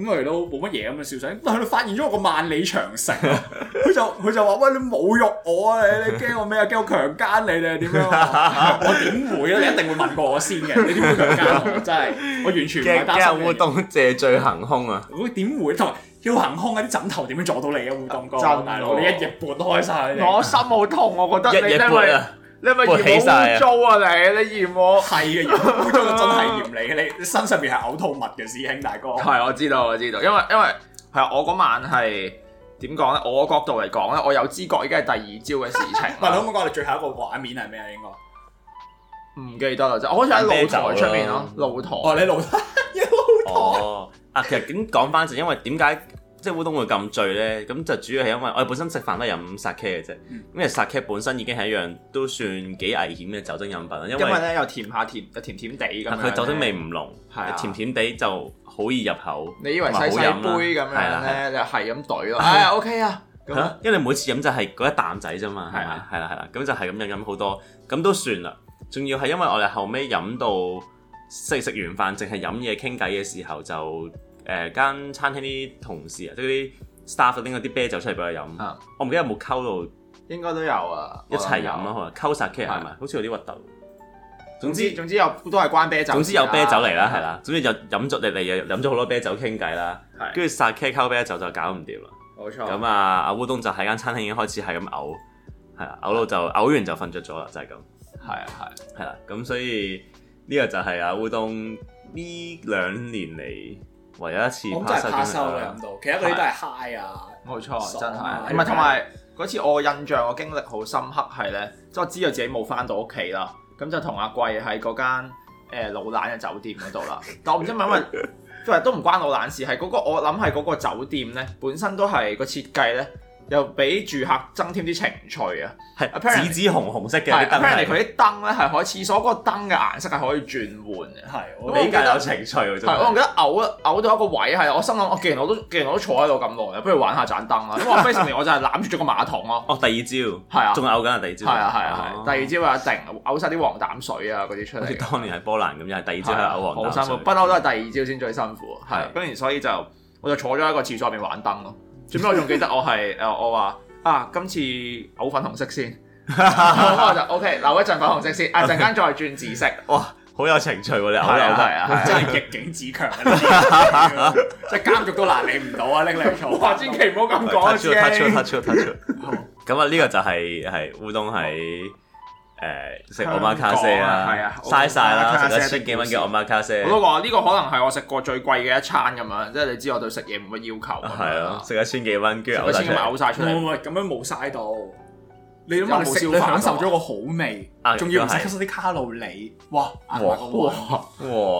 咁佢哋都冇乜嘢咁嘅笑聲，但係佢發現咗我個萬里長城啊！佢就佢就話：喂，你侮辱我啊！你你驚我咩啊？驚我強姦你定係點啊？我點會咧？你一定會問過我先嘅，你點會強姦我？真係我完全唔記得。強姦烏冬借醉行兇啊！我點會同，埋要行兇啊！啲枕頭點樣阻到你啊？烏冬哥，大佬！你一日半開晒！我心好痛，我覺得你你咪嫌污糟啊你！ 你嫌我係嘅，嫌污糟真係嫌你嘅。你你身上面係嘔吐物嘅師兄大哥。係 我知道我知道，因為因為係我嗰晚係點講咧？我，呢我角度嚟講咧，我有知覺已經係第二朝嘅事情。喂， 你可唔可以講下你最後一個畫面係咩啊？應該唔記得啦，就我好似喺露台出面咯，哦、露， 露台哦，你露台露台啊。其實點講翻就因為點解？即係烏冬會咁醉咧，咁就主要係因為我哋本身食飯都飲殺茄嘅啫，咁其為殺茄本身已經係一樣都算幾危險嘅酒精飲品啦。因為咧又甜下甜甜甜地咁佢酒精味唔濃，係甜甜地就好易入口。你以為細細杯咁樣咧就係咁懟咯？係啊，OK 啊。係啊，因為每次飲就係嗰一啖仔啫嘛，係啊，係啦，係啦，咁就係咁飲飲好多，咁都算啦。仲要係因為我哋後尾飲到細食完飯，淨係飲嘢傾偈嘅時候就。誒間餐廳啲同事啊，即係啲 staff 拎咗啲啤酒出嚟俾我飲。我唔記得有冇溝到，應該都有啊。一齊飲咯，溝 Sake 係咪？好似有啲核突。總之總之有都係關啤酒。總之有啤酒嚟啦，係啦。總之就飲咗嚟嚟又飲咗好多啤酒傾偈啦。跟住 Sake 溝啤酒就搞唔掂啦。冇錯。咁啊，阿烏冬就喺間餐廳已經開始係咁嘔，係啊，嘔到就嘔完就瞓着咗啦，就係咁。係啊，係。係啦，咁所以呢個就係阿烏冬呢兩年嚟。唯有一次咁就怕收咯，飲到、啊，其他嗰啲都係 high 啊！冇錯，啊、真係唔係同埋嗰次我印象我經歷好深刻係呢，即係我知道自己冇翻到屋企啦，咁就同阿貴喺嗰間、呃、老懶嘅酒店嗰度啦。 但我唔知係咪，因為，即係都唔關老懶事，係嗰、嗰個我諗係嗰個酒店呢，本身都係、嗰個設計呢。又俾住客增添啲情趣啊！係，紫紫紅紅色嘅。係佢啲燈咧係可，廁所嗰個燈嘅顏色係可以轉換嘅。我比較有情趣。係，我仲記得嘔啦，嘔到一個位係，我心諗，我既然我都，既然我都坐喺度咁耐，不如玩下盞燈啦。因為我飛十年，我就係攬住咗個馬桶咯。哦，第二朝，係啊，仲嘔緊第二朝。係啊，係啊，係。第二朝啊，一定嘔晒啲黃膽水啊，嗰啲出嚟。好似當年係波蘭咁樣，第二朝係嘔黃膽水。好辛苦，不嬲都係第二朝先最辛苦。係，跟住所以就我就坐咗喺個廁所入面玩燈咯。最尾我仲記得我係誒，我話啊，今次嘔粉紅色先，咁我就 O K 留一陣粉紅色先，啊陣間再轉紫色。哇好有情趣喎你，真係逆境自強，即係監獄都難你唔到啊拎嚟做。哇千祈唔好咁講啊，出出出出出出。咁啊呢個就係係烏冬喺。誒，食 Omakase 啊，係啊，嘥晒啦，食咗千幾蚊叫 Omakase，我都話呢個可能係我食過最貴嘅一餐咁樣，即係你知我對食嘢冇乜要求，係啊，食一千幾蚊，跟住嘔晒出嚟，咁樣冇嘥到，你都冇食，你享受咗個好味，仲要唔食啲卡路里，哇哇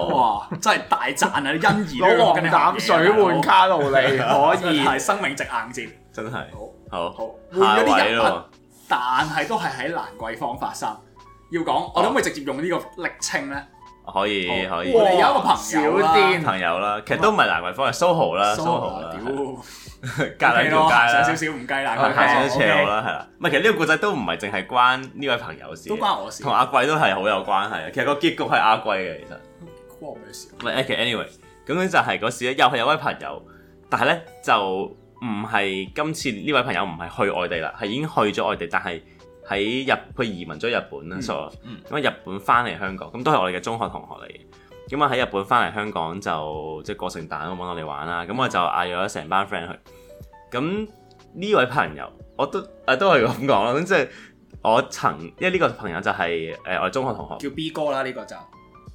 哇真係大讚啊，欣義攞黃膽水換卡路里，可以係生命值硬戰，真係，好好換一啲人物。但係都係喺蘭桂坊發生。要講，我諗可以直接用呢個暱稱咧。可以可以。我哋有一個朋友啲朋友啦，其實都唔係蘭桂坊，係 SOHO 啦，SOHO 啦。屌，隔兩條街啦。少少唔計啦，爬上斜路啦，係啦。唔係，其實呢個故仔都唔係淨係關呢位朋友事。都關我事。同阿貴都係好有關係。其實個結局係阿貴嘅，其實。關我咩事？唔係，其實 anyway，咁樣就係嗰時咧，又係有位朋友，但係咧就。唔係今次呢位朋友唔係去外地啦，係已經去咗外地，但係喺日，日本移民咗日本啦 sorry，日本翻嚟香港，咁都係我哋嘅中學同學嚟嘅。咁啊喺日本翻嚟香港就即係過聖誕揾我哋玩啦，咁我就嗌咗成班 friend 去。咁呢位朋友我都啊都係咁講啦，即係我曾因為呢個朋友就係誒我中學同學，叫 B 哥啦呢、呢個就係。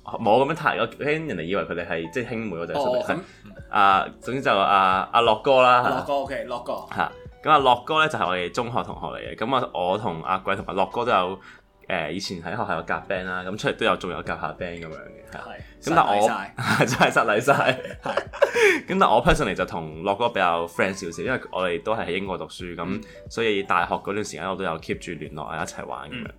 冇咁樣睇，咁人哋以為佢哋係即係兄妹嗰種。哦，咁啊，總之就阿阿樂哥啦。樂哥，OK，樂哥。吓，咁阿樂哥咧就係我哋中學同學嚟嘅。咁啊，我同阿鬼同埋樂哥都有誒，以前喺學校有夾 band 啦，咁出嚟都有仲有夾下 band 咁樣嘅。係，咁但我，真係失禮晒。咁但係我 personally 就同樂哥比較 friend 少少，因為我哋都係喺英國讀書，咁所以大學嗰段時間我都有 keep 住聯絡啊，一齊玩咁樣。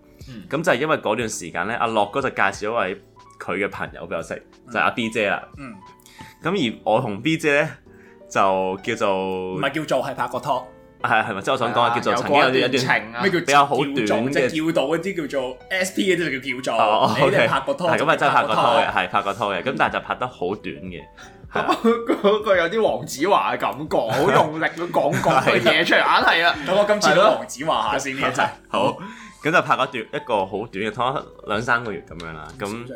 咁就係因為嗰段時間咧，阿樂哥就介紹一位。佢嘅朋友比較識就係阿 B 姐啦，嗯，咁而我同 B 姐咧就叫做唔係叫做係拍過拖，係係咪？即係我想講啊，叫做曾經有段一段情啊，比較好短即叫到嗰啲叫做 s t 嗰啲就叫叫做，你哋拍過拖，係咁啊，真係拍過拖嘅，係拍過拖嘅，咁但係就拍得好短嘅，嗰個有啲黃子華嘅感覺，好用力咁講講對嘢出嚟，硬係啊！咁我今次都黃子華下先呢一集，好咁就拍嗰段一個好短嘅拖，兩三個月咁樣啦，咁。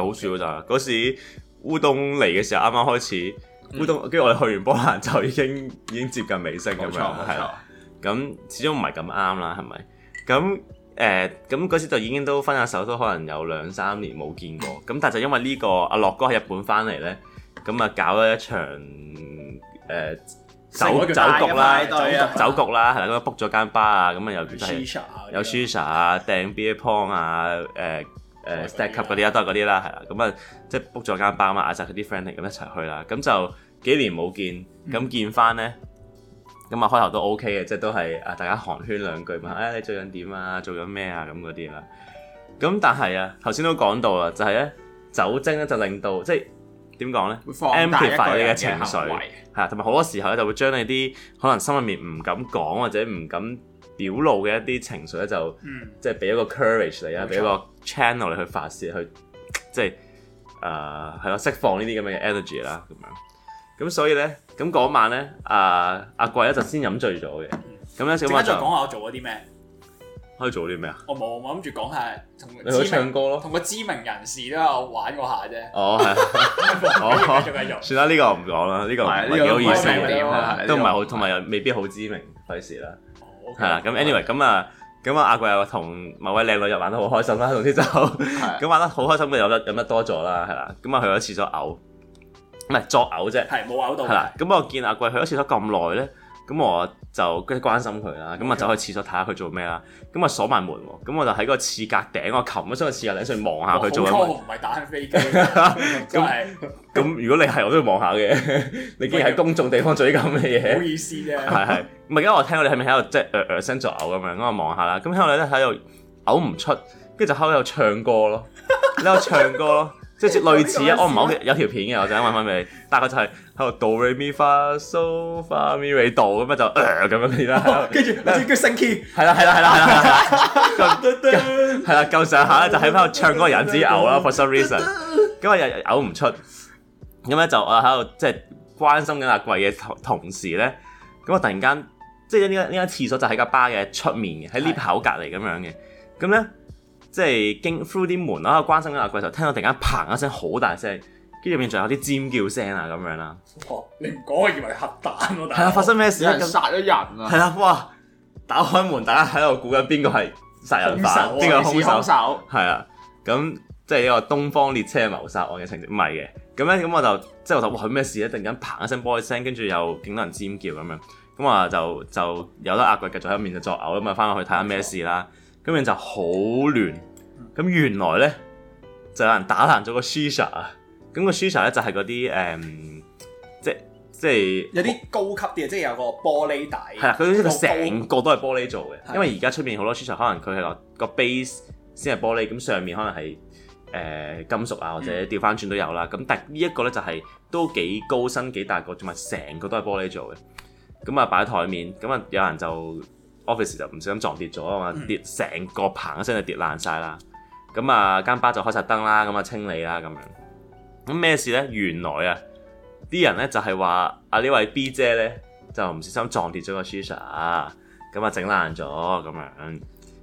好好少咋，嗰時烏冬嚟嘅時候啱啱開始烏冬，跟住、嗯、我哋去完波蘭就已經已經接近尾聲咁樣，係咯錯，咁始終唔係咁啱啦，係咪？咁誒咁嗰時就已經都分下手，都可能有兩三年冇見過，咁 但就因為呢、呢個、啊、樂哥喺日本翻嚟咧，咁啊搞咗一場誒酒酒局啦，酒局啦，係啦，咁 book 咗間巴啊，咁啊又有 shisha 啊，訂 beer pong 啊，誒。 誒，stage 級嗰啲啊，都係嗰啲啦，係啦，咁啊、OK，即係 book 咗間包嘛，嗌曬佢啲 friend 嚟咁一齊去啦，咁就幾年冇見，咁見翻咧，咁啊開頭都 OK 嘅，即係都係啊，大家寒暄兩句嘛，哎，你最近點啊？做緊咩啊？咁嗰啲啦，咁、嗯、但係啊，頭先都講到啦，就係、是、咧酒精咧就令到即係點講咧，呢會放大一個嘅情緒，係啊、嗯，同埋好多時候咧就會將你啲可能心裏面唔敢講或者唔敢表露嘅一啲情緒咧，就即係俾一個 courage 嚟啊，俾一個 channel 嚟去發泄，去即係誒係咯釋放呢啲咁嘅 energy 啦咁樣。咁所以咧，咁嗰晚咧，阿阿貴一就先飲醉咗嘅。咁咧小馬就講下我做咗啲咩，可以做啲咩啊？我冇，我諗住講下同唱歌咯，同個知名人士都有玩過下啫。哦，係，哦，繼續繼續。算啦，呢個唔講啦，呢個唔係幾好意思，都唔係好，同埋又未必好知名，費事啦。係啦，咁 anyway，咁啊，咁啊，阿貴又同某位靚女又玩得好開心啦，總之就咁玩得好開心，咪有 得、得，飲得多咗啦，係啦，咁啊去咗廁所嘔，唔係作嘔啫，係冇嘔到啦。咁我見阿、啊、貴去咗廁所咁耐咧，咁我。就跟住關心佢啦，咁啊走去廁所睇下佢做咩啦，咁啊鎖埋門，咁我就喺個廁格頂我擒咗喺個廁格頂上望下佢做緊乜？我唔係、哦、打緊飛機。咁咁如果你係我都望下嘅， 你竟然喺公眾地方做啲咁嘅嘢，好意思啫、啊。 係係，咪而家我聽到你係咪喺度即係嘰嘰聲作嘔咁樣，咁我望下啦。咁喺我咧睇到嘔唔出，跟住 就喺度唱歌咯，喺度唱歌咯。 即係類似啊！我唔係好有條片嘅，我就想揾翻俾你。大概就係喺度 Do Re Mi Fa So Fa Mi Do 咁樣就咁樣嘅啦。跟住跟住叫升 key。係啦係啦係啦係啦係啦。係啦，夠上下就喺翻度唱嗰個人字嘔啦，for some reason。咁我又又嘔唔出。咁咧就我喺度即係關心緊阿貴嘅同同時咧。咁我突然間即係呢間呢間廁所就喺個巴嘅出面嘅，喺呢口隔離咁樣嘅。咁咧。即係經 through 啲門咯，關心緊阿櫃嘅時候聽到突然間砰一聲好大聲，跟住入面仲有啲尖叫聲啊咁樣啦。你唔講我以為核彈咯、啊。係啊！發生咩事啊？殺咗人啊！係啦！哇！打開門，大家喺度估緊邊個係殺人犯，邊個兇手？係啊，咁即係一個東方列車謀殺案嘅情節，唔係嘅。咁咧咁我就即係我話哇，佢咩事咧？突然間砰一聲玻璃聲，跟住又勁多人尖叫咁樣。咁啊就就，就有得阿櫃，繼續喺入面就作嘔啊嘛，翻落去睇下咩事啦。咁樣就好亂。咁原來咧就有人打爛咗個 Shisha 啊。咁個 Shisha 咧就係嗰啲誒，即係即係有啲高級啲啊，即係有個玻璃底。係啦，佢呢個成個都係玻璃做嘅。因為而家出邊好多 Shisha，可能佢係個，個 base 先係玻璃，咁上面可能係誒、呃、金屬啊，或者掉翻轉都有啦。咁、嗯、但係呢一個咧就係、是、都幾高身、身幾大個，同埋成個都係玻璃做嘅。咁啊擺喺台面，咁啊有人就。Office 就唔小心撞跌咗啊嘛，跌成個棚一聲就跌爛晒啦。咁啊間巴就開晒燈啦，咁啊清理啦咁樣。咁咩事咧？原來啊，啲人咧就係、是、話啊呢位 B 姐咧就唔小心撞跌咗個 Shisha 啊，咁啊整爛咗咁樣。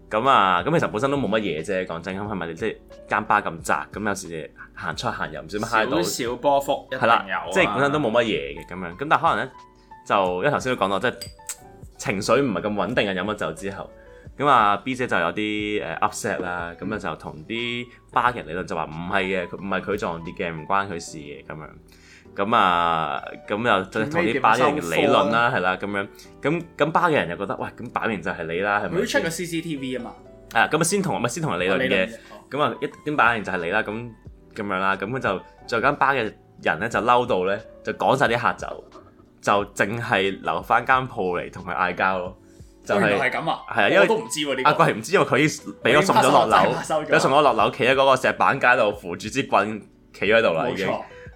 咁啊咁其實本身都冇乜嘢啫，講真咁係咪？即係間巴咁窄，咁有時行出行入唔小心揩到少少波幅一定有即係、就是、本身都冇乜嘢嘅咁樣。咁但係可能咧就因為頭先都講到即係。就是情緒唔係咁穩定嘅飲咗酒之後，咁啊 B 姐就有啲誒、uh, upset 啦、嗯，咁啊就同啲巴嘅人理論就話唔係嘅，唔係佢撞跌嘅，唔關佢事嘅咁樣，咁啊咁又同啲巴嘅人理論啦，係啦咁樣，咁咁巴嘅人又覺得喂咁擺明就係你啦，係咪？佢 check 個 CCTV 啊嘛，係啊，咁啊先同咪先同理論嘅，咁啊、哦、一點擺明就係你啦，咁咁樣啦，咁就再加巴嘅人咧就嬲到咧就趕晒啲客走。就淨係留翻間鋪嚟同佢嗌交咯，就係、原來係咁啊！因為我都唔知喎、啊，啲阿 Gwei 係唔知因喎、啊，佢已俾我送咗落樓，俾送咗落樓，企喺嗰個石板街度扶住支棍，企喺度啦，已經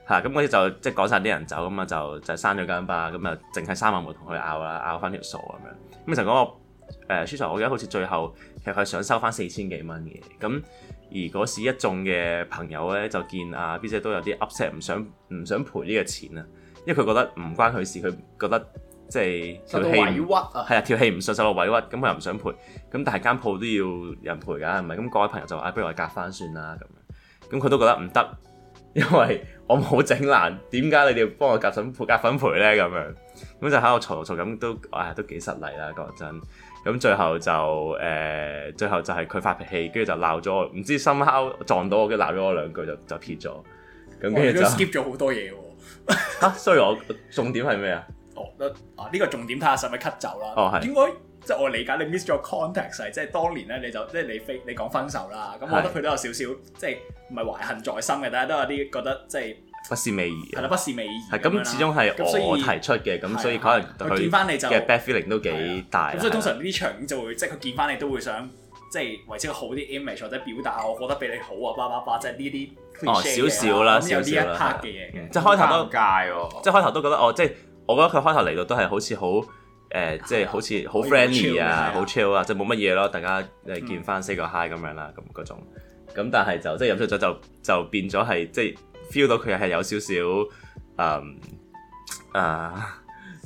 嚇咁嗰啲就即係趕晒啲人走，咁啊就就閂咗間吧，咁啊淨係三阿妹同佢拗啦，拗翻條數咁樣。咁、那個呃、其實嗰個誒 Shisha，我而家好似最後其實佢想收翻四千幾蚊嘅，咁而嗰時一眾嘅朋友咧就見阿 B 姐都有啲 upset，唔想唔想賠呢個錢啊！因為佢覺得唔關佢事，佢覺得即係受委屈啊，係啊，條氣唔順，受咗委屈，咁佢又唔想賠，咁但係間鋪都要人賠噶，係咪？咁嗰位朋友就話：不如我夾翻算啦，咁樣。咁佢都覺得唔得，因為我冇整爛，點解你哋要幫我夾份賠夾份賠咧？咁樣，咁就喺度嘈嘈咁，都唉、哎，都幾失禮啦，講真。咁最後就誒、呃，最後就係佢發脾氣，跟住就鬧咗我，唔知心口撞到我，跟住鬧咗我兩句就就撇咗，咁跟住就 skip 咗好多嘢。.吓，sorry、 啊、我重點係咩啊？哦，啊呢、呢個重點睇下使唔使 cut 走啦？看看要要哦，係。點解即係我理解你 miss 咗 context 係即係當年咧，你就即係你飛你講分手啦。咁是我覺得佢都有少少即係唔係懷恨在心嘅，大家都有啲覺得即係不是味兒。係啦，不是味兒。係咁，始終係我提出嘅，咁、嗯、所，的所以可能佢見翻你就嘅 bad feeling 都幾大。咁所以通常呢啲場面就會即係佢見翻你都會想即係維持個好啲 image，或者表達我覺得比你好啊，叭叭叭，即係呢啲。哦，少少啦，少少啦，即係開頭都戒喎，即係開頭都覺得哦，即係我覺得佢開頭嚟到都係好似好誒，即係好似好 friendly 啊，好 chill 啊，即係冇乜嘢咯，大家誒見翻 say 個 hi 咁樣啦，咁嗰種，咁但係就即係飲咗酒就就變咗係即係 feel 到佢係有少少誒誒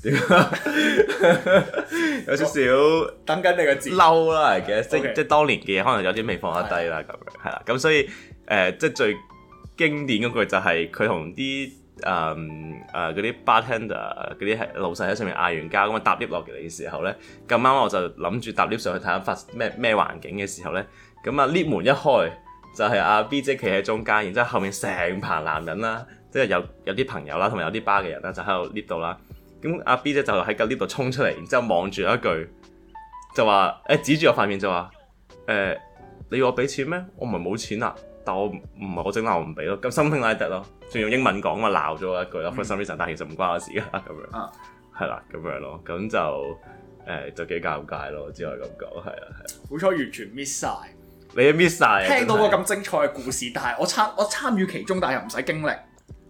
點啊，有少少等緊你個嬲啦，係嘅，即即係當年嘅嘢可能有啲未放得低啦，咁樣係啦，咁所以誒即係最。經典嗰句就係佢同啲誒誒嗰、嗯、啲、啊、bartender 嗰啲老細喺上面嗌完交咁啊，搭 lift 落嚟嘅時候咧，咁啱我就諗住搭 lift 上去睇下發咩咩環境嘅時候咧，咁啊 lift 門一開就係、是、阿 B 姐企喺中間，然之後後面成棚男人啦，即係有有啲朋友啦，同埋有啲吧嘅人啦，就喺度 lift 度啦。咁阿 B 姐就喺個 lift 度衝出嚟，然之後望住一句就話：誒、欸、指住我塊面就話誒、欸、你要我俾錢咩？我唔係冇錢啊！但我唔係好憎鬧我唔俾咯，咁 Something Like That 咯，仲用英文講啊，鬧咗我一句咯、嗯、for some reason，但係其實唔關我事啊咁樣，係啦咁樣咯，咁就誒、呃、就幾尷尬咯，只可以咁講，係啊係啊，好彩完全 miss 晒，你都 miss 晒。聽到個咁精彩嘅故事，但係我，我參我參與其中，但係又唔使經歷，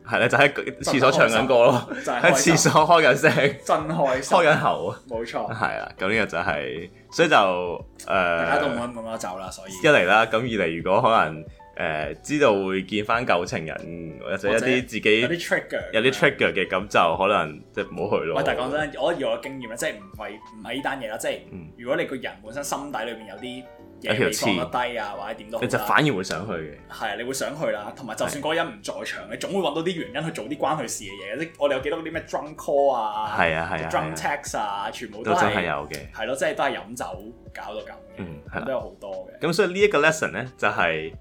係咧就喺、是、廁所唱緊歌咯，喺 廁所開緊聲，真開心開緊喉，啊，冇錯，係啊，咁呢個就係、是、所以就誒大家都冇咁多酒啦，所以一嚟啦，咁二嚟如果可能。誒知道會見翻舊情人，或者一啲自己有啲 trigger，有啲 trigger 嘅咁就可能即唔好去咯。唔但係講真，我以我經驗咧，即係唔係唔係呢單嘢啦。即係如果你個人本身心底裏邊有啲嘢你放得低啊，或者點都，你就反而會想去嘅。係啊，你會想去啦。同埋就算嗰個人唔在場，你總會揾到啲原因去做啲關佢事嘅嘢。即我哋有幾多啲咩 drunk call 啊，係啊係啊 drunk text 啊，全部都真係有嘅。係咯，即係都係飲酒搞到咁，咁都有好多嘅。咁所以呢一個 lesson 咧就係。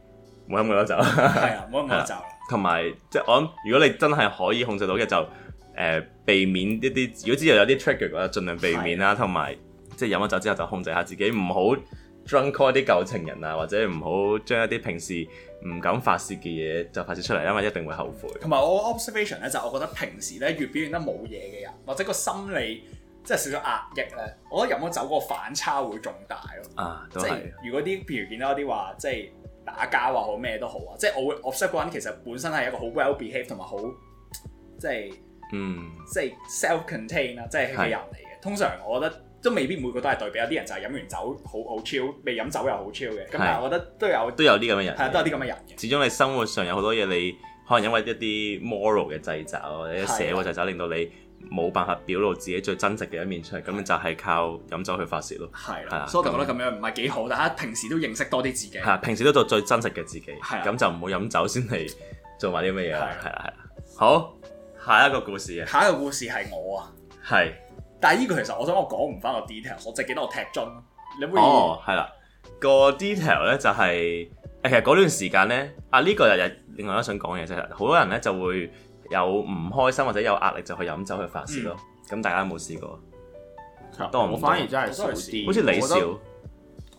唔好飲咁多酒，就係啊，唔好飲咁多酒。同埋即係我諗，如果你真係可以控制到嘅，就誒、呃、避免一啲，如果之前有啲 trigger 嘅話，盡量避免啦。同埋的即係飲咗酒之後，就控制下自己，唔好 drunk call 啲舊情人啊，或者唔好將一啲平時唔敢發泄嘅嘢就發泄出嚟，因為一定會後悔。同埋、嗯、我 observation 咧，就是、我覺得平時咧越表現得冇嘢嘅人，或者個心理即係少咗壓抑咧，我覺得飲咗酒個反差會仲大咯。啊，都係、就是。如果啲譬如見到一啲話，就是、即係。打交啊，好咩都好啊，即係我會、嗯，我識嗰個人其實本身係一個好 well behaved 同埋好即係，嗯，即係 self-contained 啊，即係佢人嚟嘅。通常我覺得都未必每個都係對比，有啲人就係飲完酒好好 chill，未飲酒又好 chill 嘅。咁是但係我覺得都有都有啲咁嘅人，係都有啲咁嘅人嘅。始終你生活上有好多嘢，你可能因為一啲 moral 嘅制裁或者社會制裁令到你，的冇辦法表露自己最真實嘅一面出嚟，咁就係靠飲酒去發洩囉。係啦的，的所以我覺得咁樣唔係幾好。大家、嗯、平時都認識多啲自己。係啊的，平時都做最真實嘅自己。係咁的就唔好飲酒先嚟做埋啲咩嘢。係啊的，係啊的。好，下一個故事。下一個故事係我啊。係的。但係呢個其實我想我講唔返個 detail，我淨記得我踢樽。你會？哦，係啦。個 detail 咧就係、是、誒，其實嗰段時間咧，啊呢、這個又又另外一想講嘢，就係好多人咧就會。有唔開心或者有壓力就去飲酒去發泄咯，咁大家有冇試過？其實我反而真係少啲。好似你笑，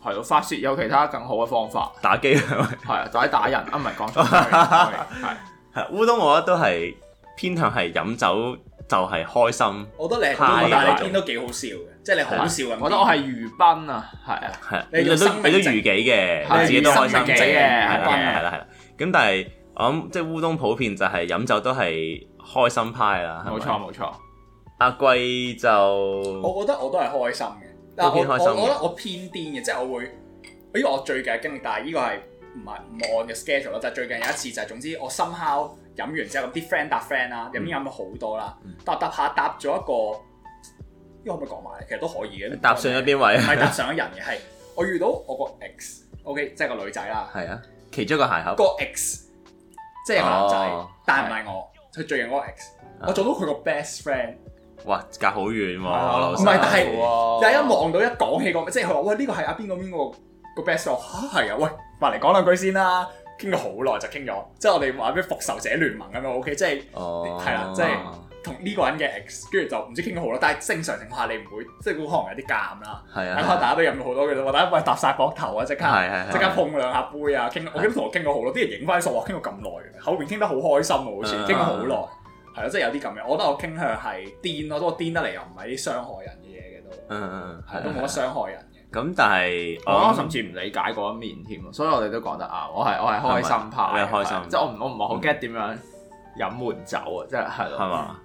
係咯。發泄有其他更好嘅方法，打機係咪？係啊，或者打人啊，唔係講錯嘅。係係烏冬我覺得都係偏向係飲酒就係開心。我覺得你烏你堅都幾好笑嘅，即係你好笑。我覺得我係馮賓啊，係啊，係你都你都馮己嘅，你自己都開心嘅，係啦係啦係啦，咁但係。咁即係烏冬普遍就係、是、飲酒都係開心派啦，冇錯冇錯。錯阿貴就我覺得我都係開心嘅，但係我我我覺得我偏癲嘅，即、就、係、是、我會呢個我最近經歷，但係呢個係唔係唔按嘅 schedule 咯。但係最近有一次就係、是、總之我深烤飲完之後咁啲 friend 搭 friend 啦、啊，飲飲咗好多啦、嗯，搭下搭下搭咗一個呢個可唔可以講埋？其實都可以嘅。搭上咗邊位？唔係搭上咗人嘅係 我遇到我個 ex o、okay, k 即係個女仔啦，係啊，啊其中一個鞋盒個 ex 即係男仔，但唔係我，佢對最近嗰個 ex，oh. 我做到佢個 best friend。哇，隔好遠喎、啊，唔係、oh，但係、oh. 一望到一講起個，即係佢話喂呢個係阿邊個邊個個 best，我係啊，喂，話嚟講兩句先啦，傾咗好耐就傾咗，即係我哋話咩復仇者聯盟咁樣 OK，即係係啦，即係。Oh. 同呢個人嘅 ex，跟住就唔知傾咗好咯。但係正常情況下你唔會，即係會可能有啲尷啦。係啊，大家都飲咗好多嘅啫嘛。大家喂搭曬膊頭啊，即刻，即刻碰兩下杯啊，傾。我幾乎同我傾咗好多，啲人影翻相話傾咗咁耐嘅，後邊傾得好開心喎，好似傾咗好耐。係啊，即係有啲咁嘅。我覺得我傾向係癲咯，不過癲得嚟又唔係啲傷害人嘅嘢嘅都。都冇乜傷害人嘅。咁但係我甚至唔理解嗰一面添咯。所以我哋都講得啱，我係我係開心派，咩開心？即係我唔我唔係好 get 點樣飲悶酒啊，即係係嘛？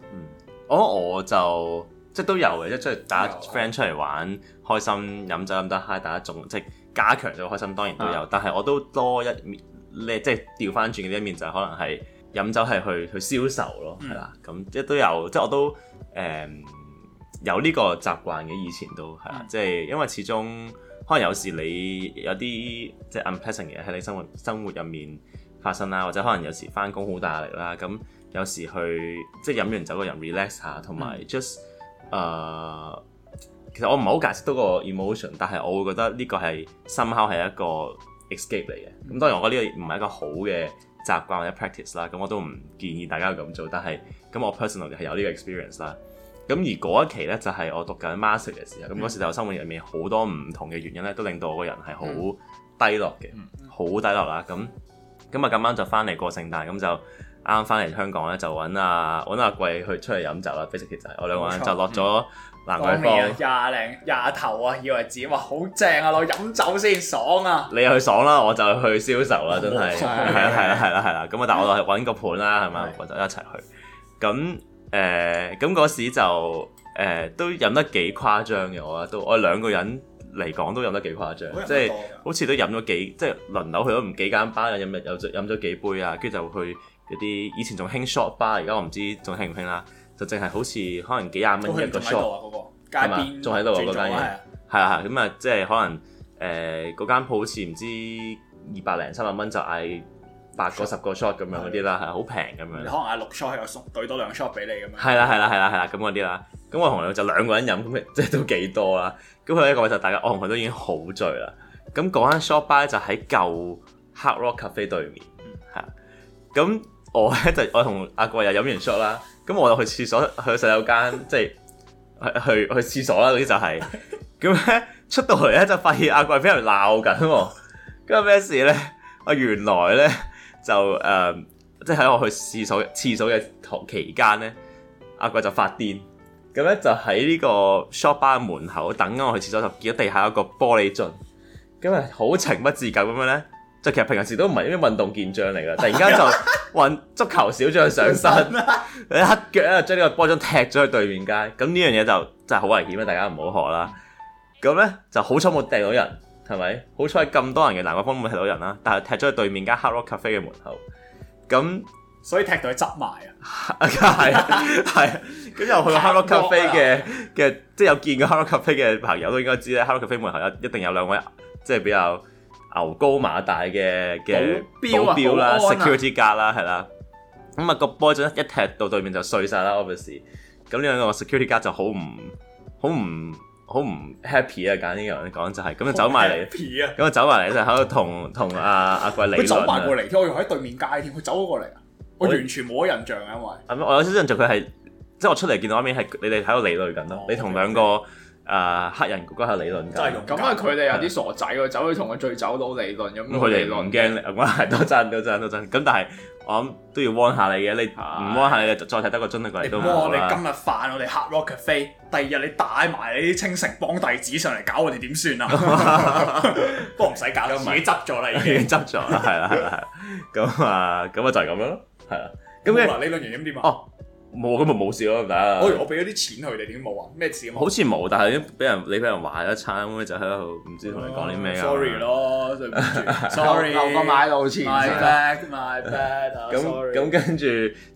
Oh, 我就即係都有嘅，即係大家 friend 出嚟玩，開心飲酒咁多嗨，大家仲即係加強咗開心，當然都有。Yeah. 但係我都多一面咧，即係調翻轉嘅啲一面就是、可能係飲酒係去去消愁咯，係啦 Yeah.。咁即係都有，即係我都誒、嗯、有呢個習慣嘅，以前都係啦。即係 Yeah.、就是、因為始終可能有時你有啲即係 unpleasant 嘅嘢喺你生活生活入面發生啦，或者可能有時翻工好大壓力啦咁。有時去即係飲完酒個人 relax 下，同埋 just 誒、uh，其實我唔係好解釋到個 emotion，但係我會覺得呢個係 somehow 係一個 escape 嚟嘅。咁當然我覺得呢個唔係一個好嘅習慣或者 practice 啦，咁我都唔建議大家咁做。但係咁我 personally 係有呢個 experience 啦。咁而嗰一期呢，就係、是、我讀緊 master 嘅時候，咁嗰時就生活入面好多唔同嘅原因呢，都令到我個人係好低落嘅，好低落啦。咁咁啊，咁啱就翻嚟過聖誕，咁就。啱啱翻嚟香港咧，就揾、啊、阿揾阿 Gwei 去出嚟飲酒啦，飛色啤仔，錯我兩個人就落咗蘭桂坊廿零廿頭啊，以為自己話好正啊，攞飲酒先爽啊！你去爽啦，我就去銷售啦，真係係啦係啦係啦，咁 啊，啊，啊，啊，啊，但係我係揾個盤啦，係、啊啊、我就一齊去。咁誒咁嗰時就誒、呃、都飲得幾誇張嘅，我覺得都我兩個人嚟講都飲得幾誇張，即係好似都飲咗幾即係輪流去咗唔幾間吧，飲咗飲咗幾杯啊，跟住就去。一啲以前仲興 shot bar，而家我唔知仲興唔興啦，就淨係好似可能幾廿蚊一個 shot 啊，嗰個，咁啊，仲喺度嗰間嘢，係啊係，咁啊即係可能誒嗰間鋪好似唔知二百零三百蚊就嗌八個十個 shot 咁樣嗰啲啦，係好平咁樣，可能嗌六 shot 佢又送多兩 shot 俾你咁樣，係啦係啦係啦係啦，咁嗰啲啦，咁我同佢就兩個人飲，咁嘅即係都幾多啦，咁佢咧嗰位就大家我同佢都已經好醉啦，咁嗰間 shot bar 就喺舊 Hard rock cafe 對面，嚇，咁。 我咧就我同阿貴又飲完 shot 啦，咁我就去廁所去洗手間，即係去去廁所啦，嗰啲就係、是，咁 咧出到嚟咧就發現阿貴俾人鬧緊，咁係咩事咧？我原來咧就誒，即係喺我去廁所廁所嘅期間咧，阿貴就發癲，咁咧就喺呢個 shop bar 門口等緊我去廁所，就見到地下一個玻璃樽，咁啊好情不自禁咁樣咧。其實平時都唔係呢啲運動健將嚟㗎，突然間就揾足球小將上身，你 神、啊、一腳咧將呢個波樽踢咗去對面街。咁呢樣嘢就真係好危險啊！大家唔好學啦。咁咧就好彩冇掟到人，係咪？好彩咁多人嘅蘭桂坊冇踢到人啦，但係踢咗去對面 Hello Cafe 嘅門口。咁所以踢到佢執埋啊！啊， 係係。咁又去過黑落咖啡嘅嘅，即係有見過 Hello Cafe 嘅朋友都應該知咧，Hello Cafe 門口一定有兩位即係比較，牛高馬大嘅嘅保鏢啦，security guard 啦、啊，係啦、啊，咁、那、啊個波就一踢到對面就碎晒啦 obviously 咁呢兩個 security guard 就好唔好唔好唔 happy 啊！揀呢樣講就係、是、咁就走埋嚟，咁、啊、就、啊啊、走埋嚟就喺度同同阿阿 Gwei，佢走埋過嚟添，我又喺對面街添，佢走咗過嚟啊！我完全冇咗印象啊，因為我，我有少少印象佢係即係我出嚟見到一面係你哋喺度理論緊咯，你同、哦、兩個。啊！黑人嗰個係理論㗎，咁啊佢哋有啲傻仔喎，走去同個醉酒佬理論咁樣，佢哋唔驚，咁係都真都真都真。咁但係我諗都要 warn 下你嘅，你唔 warn 下你，再睇得個樽嚟過嚟都唔得啦。你今日飯我哋 Hard Rock Cafe，第二日你帶埋你啲清城幫弟子上嚟搞我哋點算啊？都唔使搞，自己執咗啦已經。自己執咗，係啦係啦係。咁啊咁啊就係咁樣咯，係啦。咁你啊理論人點啊？冇咁咪冇事咯，得。我我俾咗啲錢佢哋，點冇啊？咩事？好似冇，但係俾人你俾人話咗一餐，就喺度唔知同你講啲咩啊？Sorry 咯，sorry 留個買路錢 My bag, my bag 啊。咁跟住，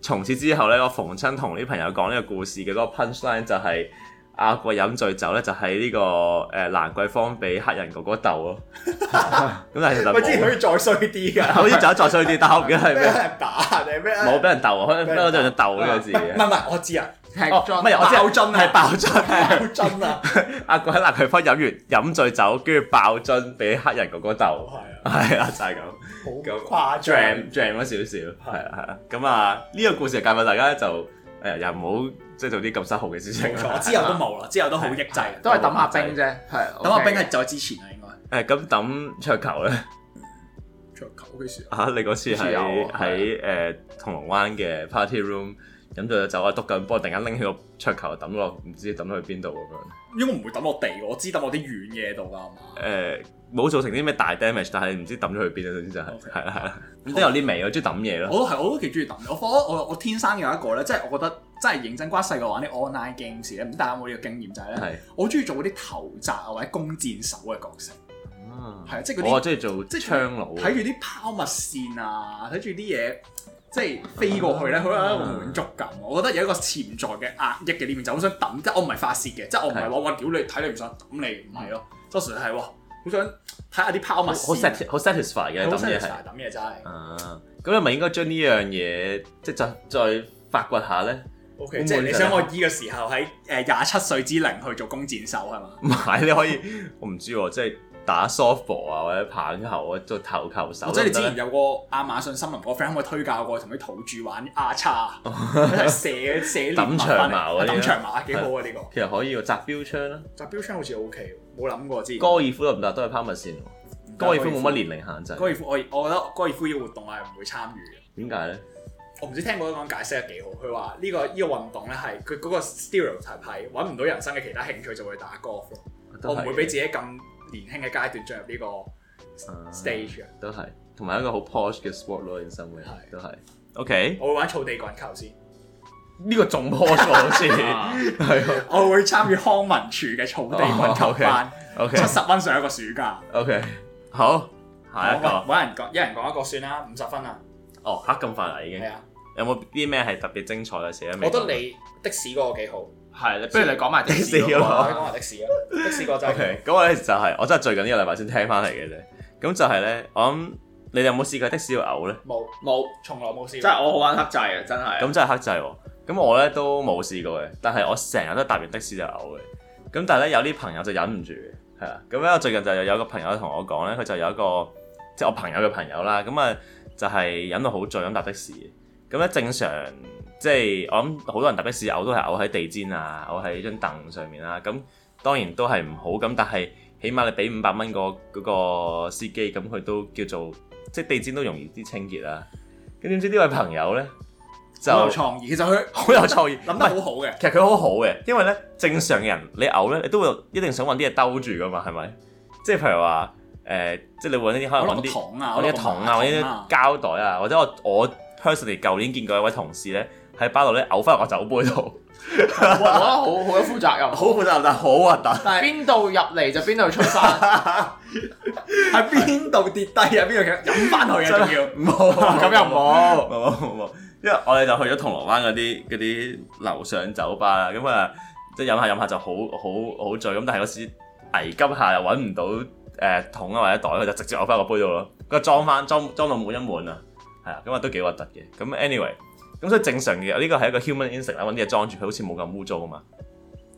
從此之後咧，我逢親同啲朋友講呢個故事嘅嗰個 punchline 就係、是。阿鬼飲醉酒咧，就喺呢個誒蘭桂坊俾黑人哥哥鬥咯。咁但係其實我之前可以再衰啲噶，好似酒再衰啲，但係唔記得係咩。定咩？冇俾人鬥啊，我我就鬥呢個字。唔係唔係，我字人，唔係我爆樽啊，係爆樽啊！阿鬼喺蘭桂坊飲完飲醉酒，跟住爆樽俾黑人哥哥鬥，係啊，就係咁。好誇張，jam 咗少少，係啊係啊。咁啊，呢個故事教下大家就誒又唔好。即係做啲咁失控嘅事情。我之後都冇啦，之後都好抑制，都係抌下冰啫。係，抌下冰係在之前啦，應該。誒咁抌桌球咧？桌球幾時？嚇！你嗰次係喺誒銅鑼灣嘅 party room 飲醉酒啊，篤緊波，突然間拎起個桌球抌落，唔知抌去邊度咁樣？應該唔會抌落地，我知抌落啲軟嘢度㗎嘛。冇造成啲咩大 damage，但係唔知抌咗去邊啦。總之就係係啦係啦，都有啲味。我中意抌嘢咯。我都係，我都幾中意抌。我我我天生有一個咧，即係我覺得。真係認真關細個玩啲 online games 咧，唔知大家有冇呢個經驗？就係咧，我好中意做嗰啲頭襲啊，或者弓箭手嘅角色，係啊，即係啲我中意做即係槍佬，睇住啲拋物線啊，睇住啲嘢即係飛過去咧，好有一個滿足感。我覺得有一個潛在嘅壓抑嘅呢邊，就好想抌，即我唔係發泄嘅，即係我唔係攞個屌你睇你唔想抌你，唔係咯。多數都係喎，好想睇下啲拋物線，好 set 好 satisfy 嘅抌嘢真係。咁你咪係應該將呢樣嘢即係再再發掘下咧？O K，即係你想我依個時候喺誒廿七歲之齡去做弓箭手係嘛？唔係，你可以我唔知喎，即係打 softball 啊，或者棒球啊，做投球手。即係你之前有個亞馬遜森林個 friend，我推介過同佢土著玩 R 叉，射射掟長矛，掟長矛幾好啊！呢個其實可以，擲標槍啦，擲標槍好似 O K，冇諗過之前。高爾夫得唔得？都係拋物線喎。高爾夫冇乜年齡限制。高爾夫我我覺得高爾夫嘅活動係唔會參與嘅。點解咧？我唔知聽過一講解釋得幾好。佢話呢個呢個運動咧，係佢嗰個 stereotype，揾唔到人生嘅其他興趣就會打 golf 咯。我唔會俾自己咁年輕嘅階段進入呢個 stage。都係，同埋一個好 posh 嘅 sport 咯，人生嘅係都係。OK，我會玩草地滾球先。呢個仲 posh 先，係。我會參與康文署嘅草地滾球班，七十蚊上一個暑假。OK，好，下一嚿。揾人講，一人講一個算啦，五十分啊。哦，黑咁快啊，已經。有冇啲咩係特別精彩嘅事？我覺得你、嗯、的士嗰個幾好，係不如你講埋的士啦，講埋的士啦。的士個的 okay, 就咁、是，我咧就係我真係最近呢個禮拜先聽翻嚟嘅啫。咁就係、是、咧，我諗你哋有冇試過的士要嘔咧？冇冇，從來冇試過。即係我好玩黑制啊，真係。咁 真係黑制喎。咁我咧都冇試過嘅，但係我成日都搭完的士就嘔嘅。咁但係咧有啲朋友就忍唔住嘅，係啊。咁咧我最近就有個朋友同我講咧，佢就有一個即係、就是、我朋友嘅朋友啦。咁啊就係忍到好醉，咁搭的士。咁咧正常，即係我諗好多人特別是第一次嘔都係嘔喺地氈啊，嘔喺張凳上面啦。咁當然都係唔好咁，但係起碼你俾五百蚊個嗰個司機，咁佢都叫做即係地氈都容易啲清潔啦。咁點知呢位朋友咧就創意，其實佢好有創意，諗不得好好嘅。其實佢好好嘅，因為咧正常人你嘔咧，你都會一定想揾啲嘢兜住噶嘛，係咪？即係譬如話誒、呃，即係你揾啲可能揾啲桶啊，或者、啊啊、膠袋啊，或者我我。Personally，舊年見過一位同事咧，喺巴度咧嘔翻入個酒杯度，我覺得好好有負責任， 好負責任，但係好核突。但係邊度入嚟就邊度出發，喺邊度跌低啊？邊度飲翻去嘅、啊，重 要唔好，咁又唔好，因為我哋就去咗銅鑼灣嗰啲啲樓上酒吧啊，咁啊，即係飲下飲下就好好好醉咁，但係嗰時危急下又揾唔到誒、呃呃、桶啊或者袋，佢就直接嘔翻個杯度咯，佢裝翻裝裝到滿一滿啊！係啊，咁啊、嗯、都幾核突嘅。咁 anyway，咁所以正常嘅呢個係一個 human instinct 啦，揾啲嘢裝住佢，好似冇咁污糟啊嘛。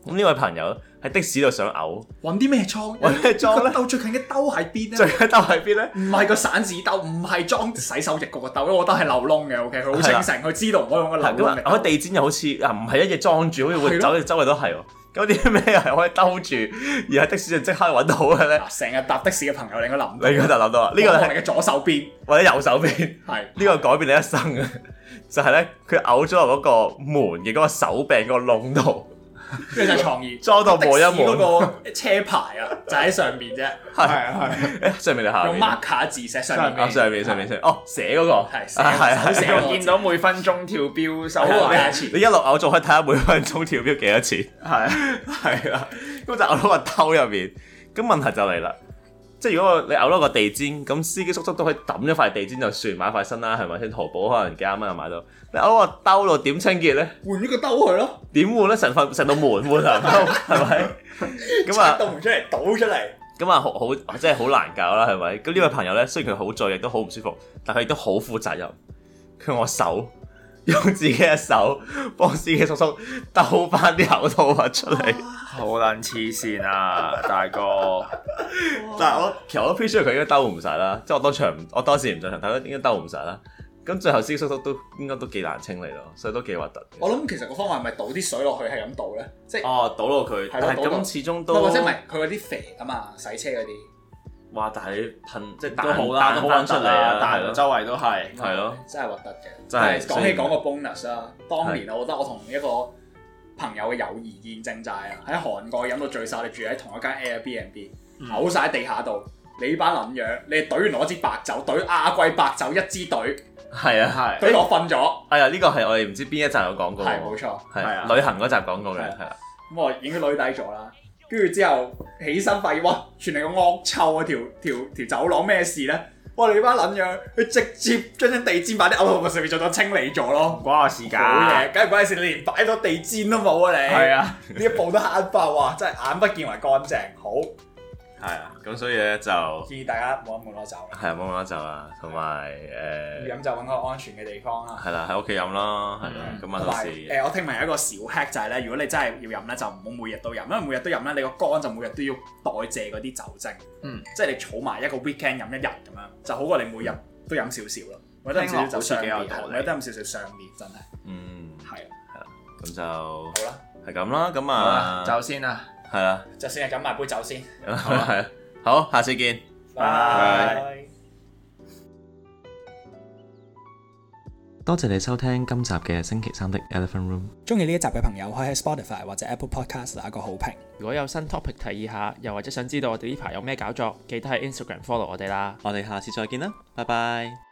咁呢位朋友喺的士度想嘔，揾啲咩裝？揾咩裝咧？兜、啊、最近嘅兜喺邊呢？最近兜喺邊呢？唔係個散紙兜，唔係裝 洗手液個兜，因為我覺得係漏窿嘅。OK，佢好清醒，佢、啊、知道唔可以用個漏窿嘅兜。咁地氈又好似啊，唔係一嘢裝住，啊、好似會走、哦，周圍都係喎。咁啲咩係可以兜住而喺的士上即刻揾到嘅咧？成日、啊、搭的士嘅朋友，你應該諗，你應該就諗到啦。這個、呢個係你嘅左手邊或者右手邊，係呢是個改變你一生嘅，的就係咧佢嘔咗落嗰個門嘅嗰個手柄嗰個窿度。跟住就創意，裝到無音無嗰個車牌啊，就喺上邊啫，係啊係，上面定下邊用 marker 字寫上邊，上邊上邊上哦寫嗰個係，係係，見到每分鐘跳錶收幾多錢？你一路仲可以睇下每分鐘跳錶幾多錢？係係啦，咁就嘔到個兜入邊，咁問題就嚟啦。即係如果你嘔落個地氈，咁司機叔叔都可以抌咗塊地氈就算買塊新啦，係咪先？淘寶可能幾廿蚊就買到。你嘔個兜喎，點清潔呢？換咗個兜去咯。點換呢？成個成到門換係咪？咁啊，倒唔 出嚟，倒出嚟。咁啊、 嗯，好好，真係好難搞啦，係咪？咁呢位朋友呢，雖然佢好醉，亦都好唔舒服，但佢亦都好負責任。佢我手。用自己嘅手，幫司機叔叔兜翻啲嘔吐物出嚟，好撚黐線啊！大哥，啊、 但係我其實我都 feel 佢應該兜唔晒啦，即係我當場，我當時唔在場，但係應該兜唔晒啦。咁最後，司機叔叔都應該都幾難清理咯，所以都幾核突。我諗其實個方法係咪倒啲水落去係咁倒咧？即係哦、啊，倒落佢，的但係咁始終都或者唔係佢嗰啲肥啊嘛，洗車嗰啲。哇！但係噴即係都好啦，打都好核突啦，打到周圍都係，係咯，真係核突嘅。但係講起講個 bonus 啊，當年我覺得我同一個朋友嘅友誼見證曬啊，喺韓國飲到醉曬，住喺同一間 Airbnb，嘔曬喺地下度。你班林若，你隊完攞支白酒，隊啊 Gwei 白酒一支隊，係啊係。隊我瞓咗，係啊，呢個係我哋唔知邊一集有講過，係冇錯，係啊，旅行嗰集講過嘅，係啦。咁我已經攞低咗啦。跟住之後起身發現，哇！傳嚟個惡臭啊！條條條走廊咩事咧？哇！你班撚樣、啊，佢直接將張地氈擺啲嘔吐物上面，做都清理咗咯，唔關我事㗎。好嘢，梗係唔關事，你連擺咗地氈都冇啊！你係是啊，呢 一步都慳爆啊！真係眼不見為乾淨，好。係啊，咁所以咧就建議大家冇咁攞酒。係冇咁攞酒啦，同埋要飲就揾個安全嘅地方啦。係啦，喺屋企飲咯，係啦。咁啊，同埋我聽聞有一個小 Hack 就係咧，如果你真係要飲咧，就唔好每日都飲，因為每日都飲咧，你個肝就每日都要代謝嗰啲酒精。嗯，即係你儲埋一個 weekend 飲一日咁樣，就好過你每日都飲少少咯。飲少少酒，你都飲少少上臉真係。嗯，係啊，係咁就好啦，係咁啦，咁啊，就先啊。係啦，就先係飲埋杯酒先，係啊的吧，好，下次見，拜 Bye，拜 Bye。多謝你收聽今集嘅星期三的 Elephant Room。中意呢一集嘅朋友可以喺 Spotify 或者 Apple Podcast 打個好評。如果有新 topic 提議下，又或者想知道我哋呢排有咩搞作，記得喺 Instagram follow 我哋啦。我哋下次再見啦，拜拜。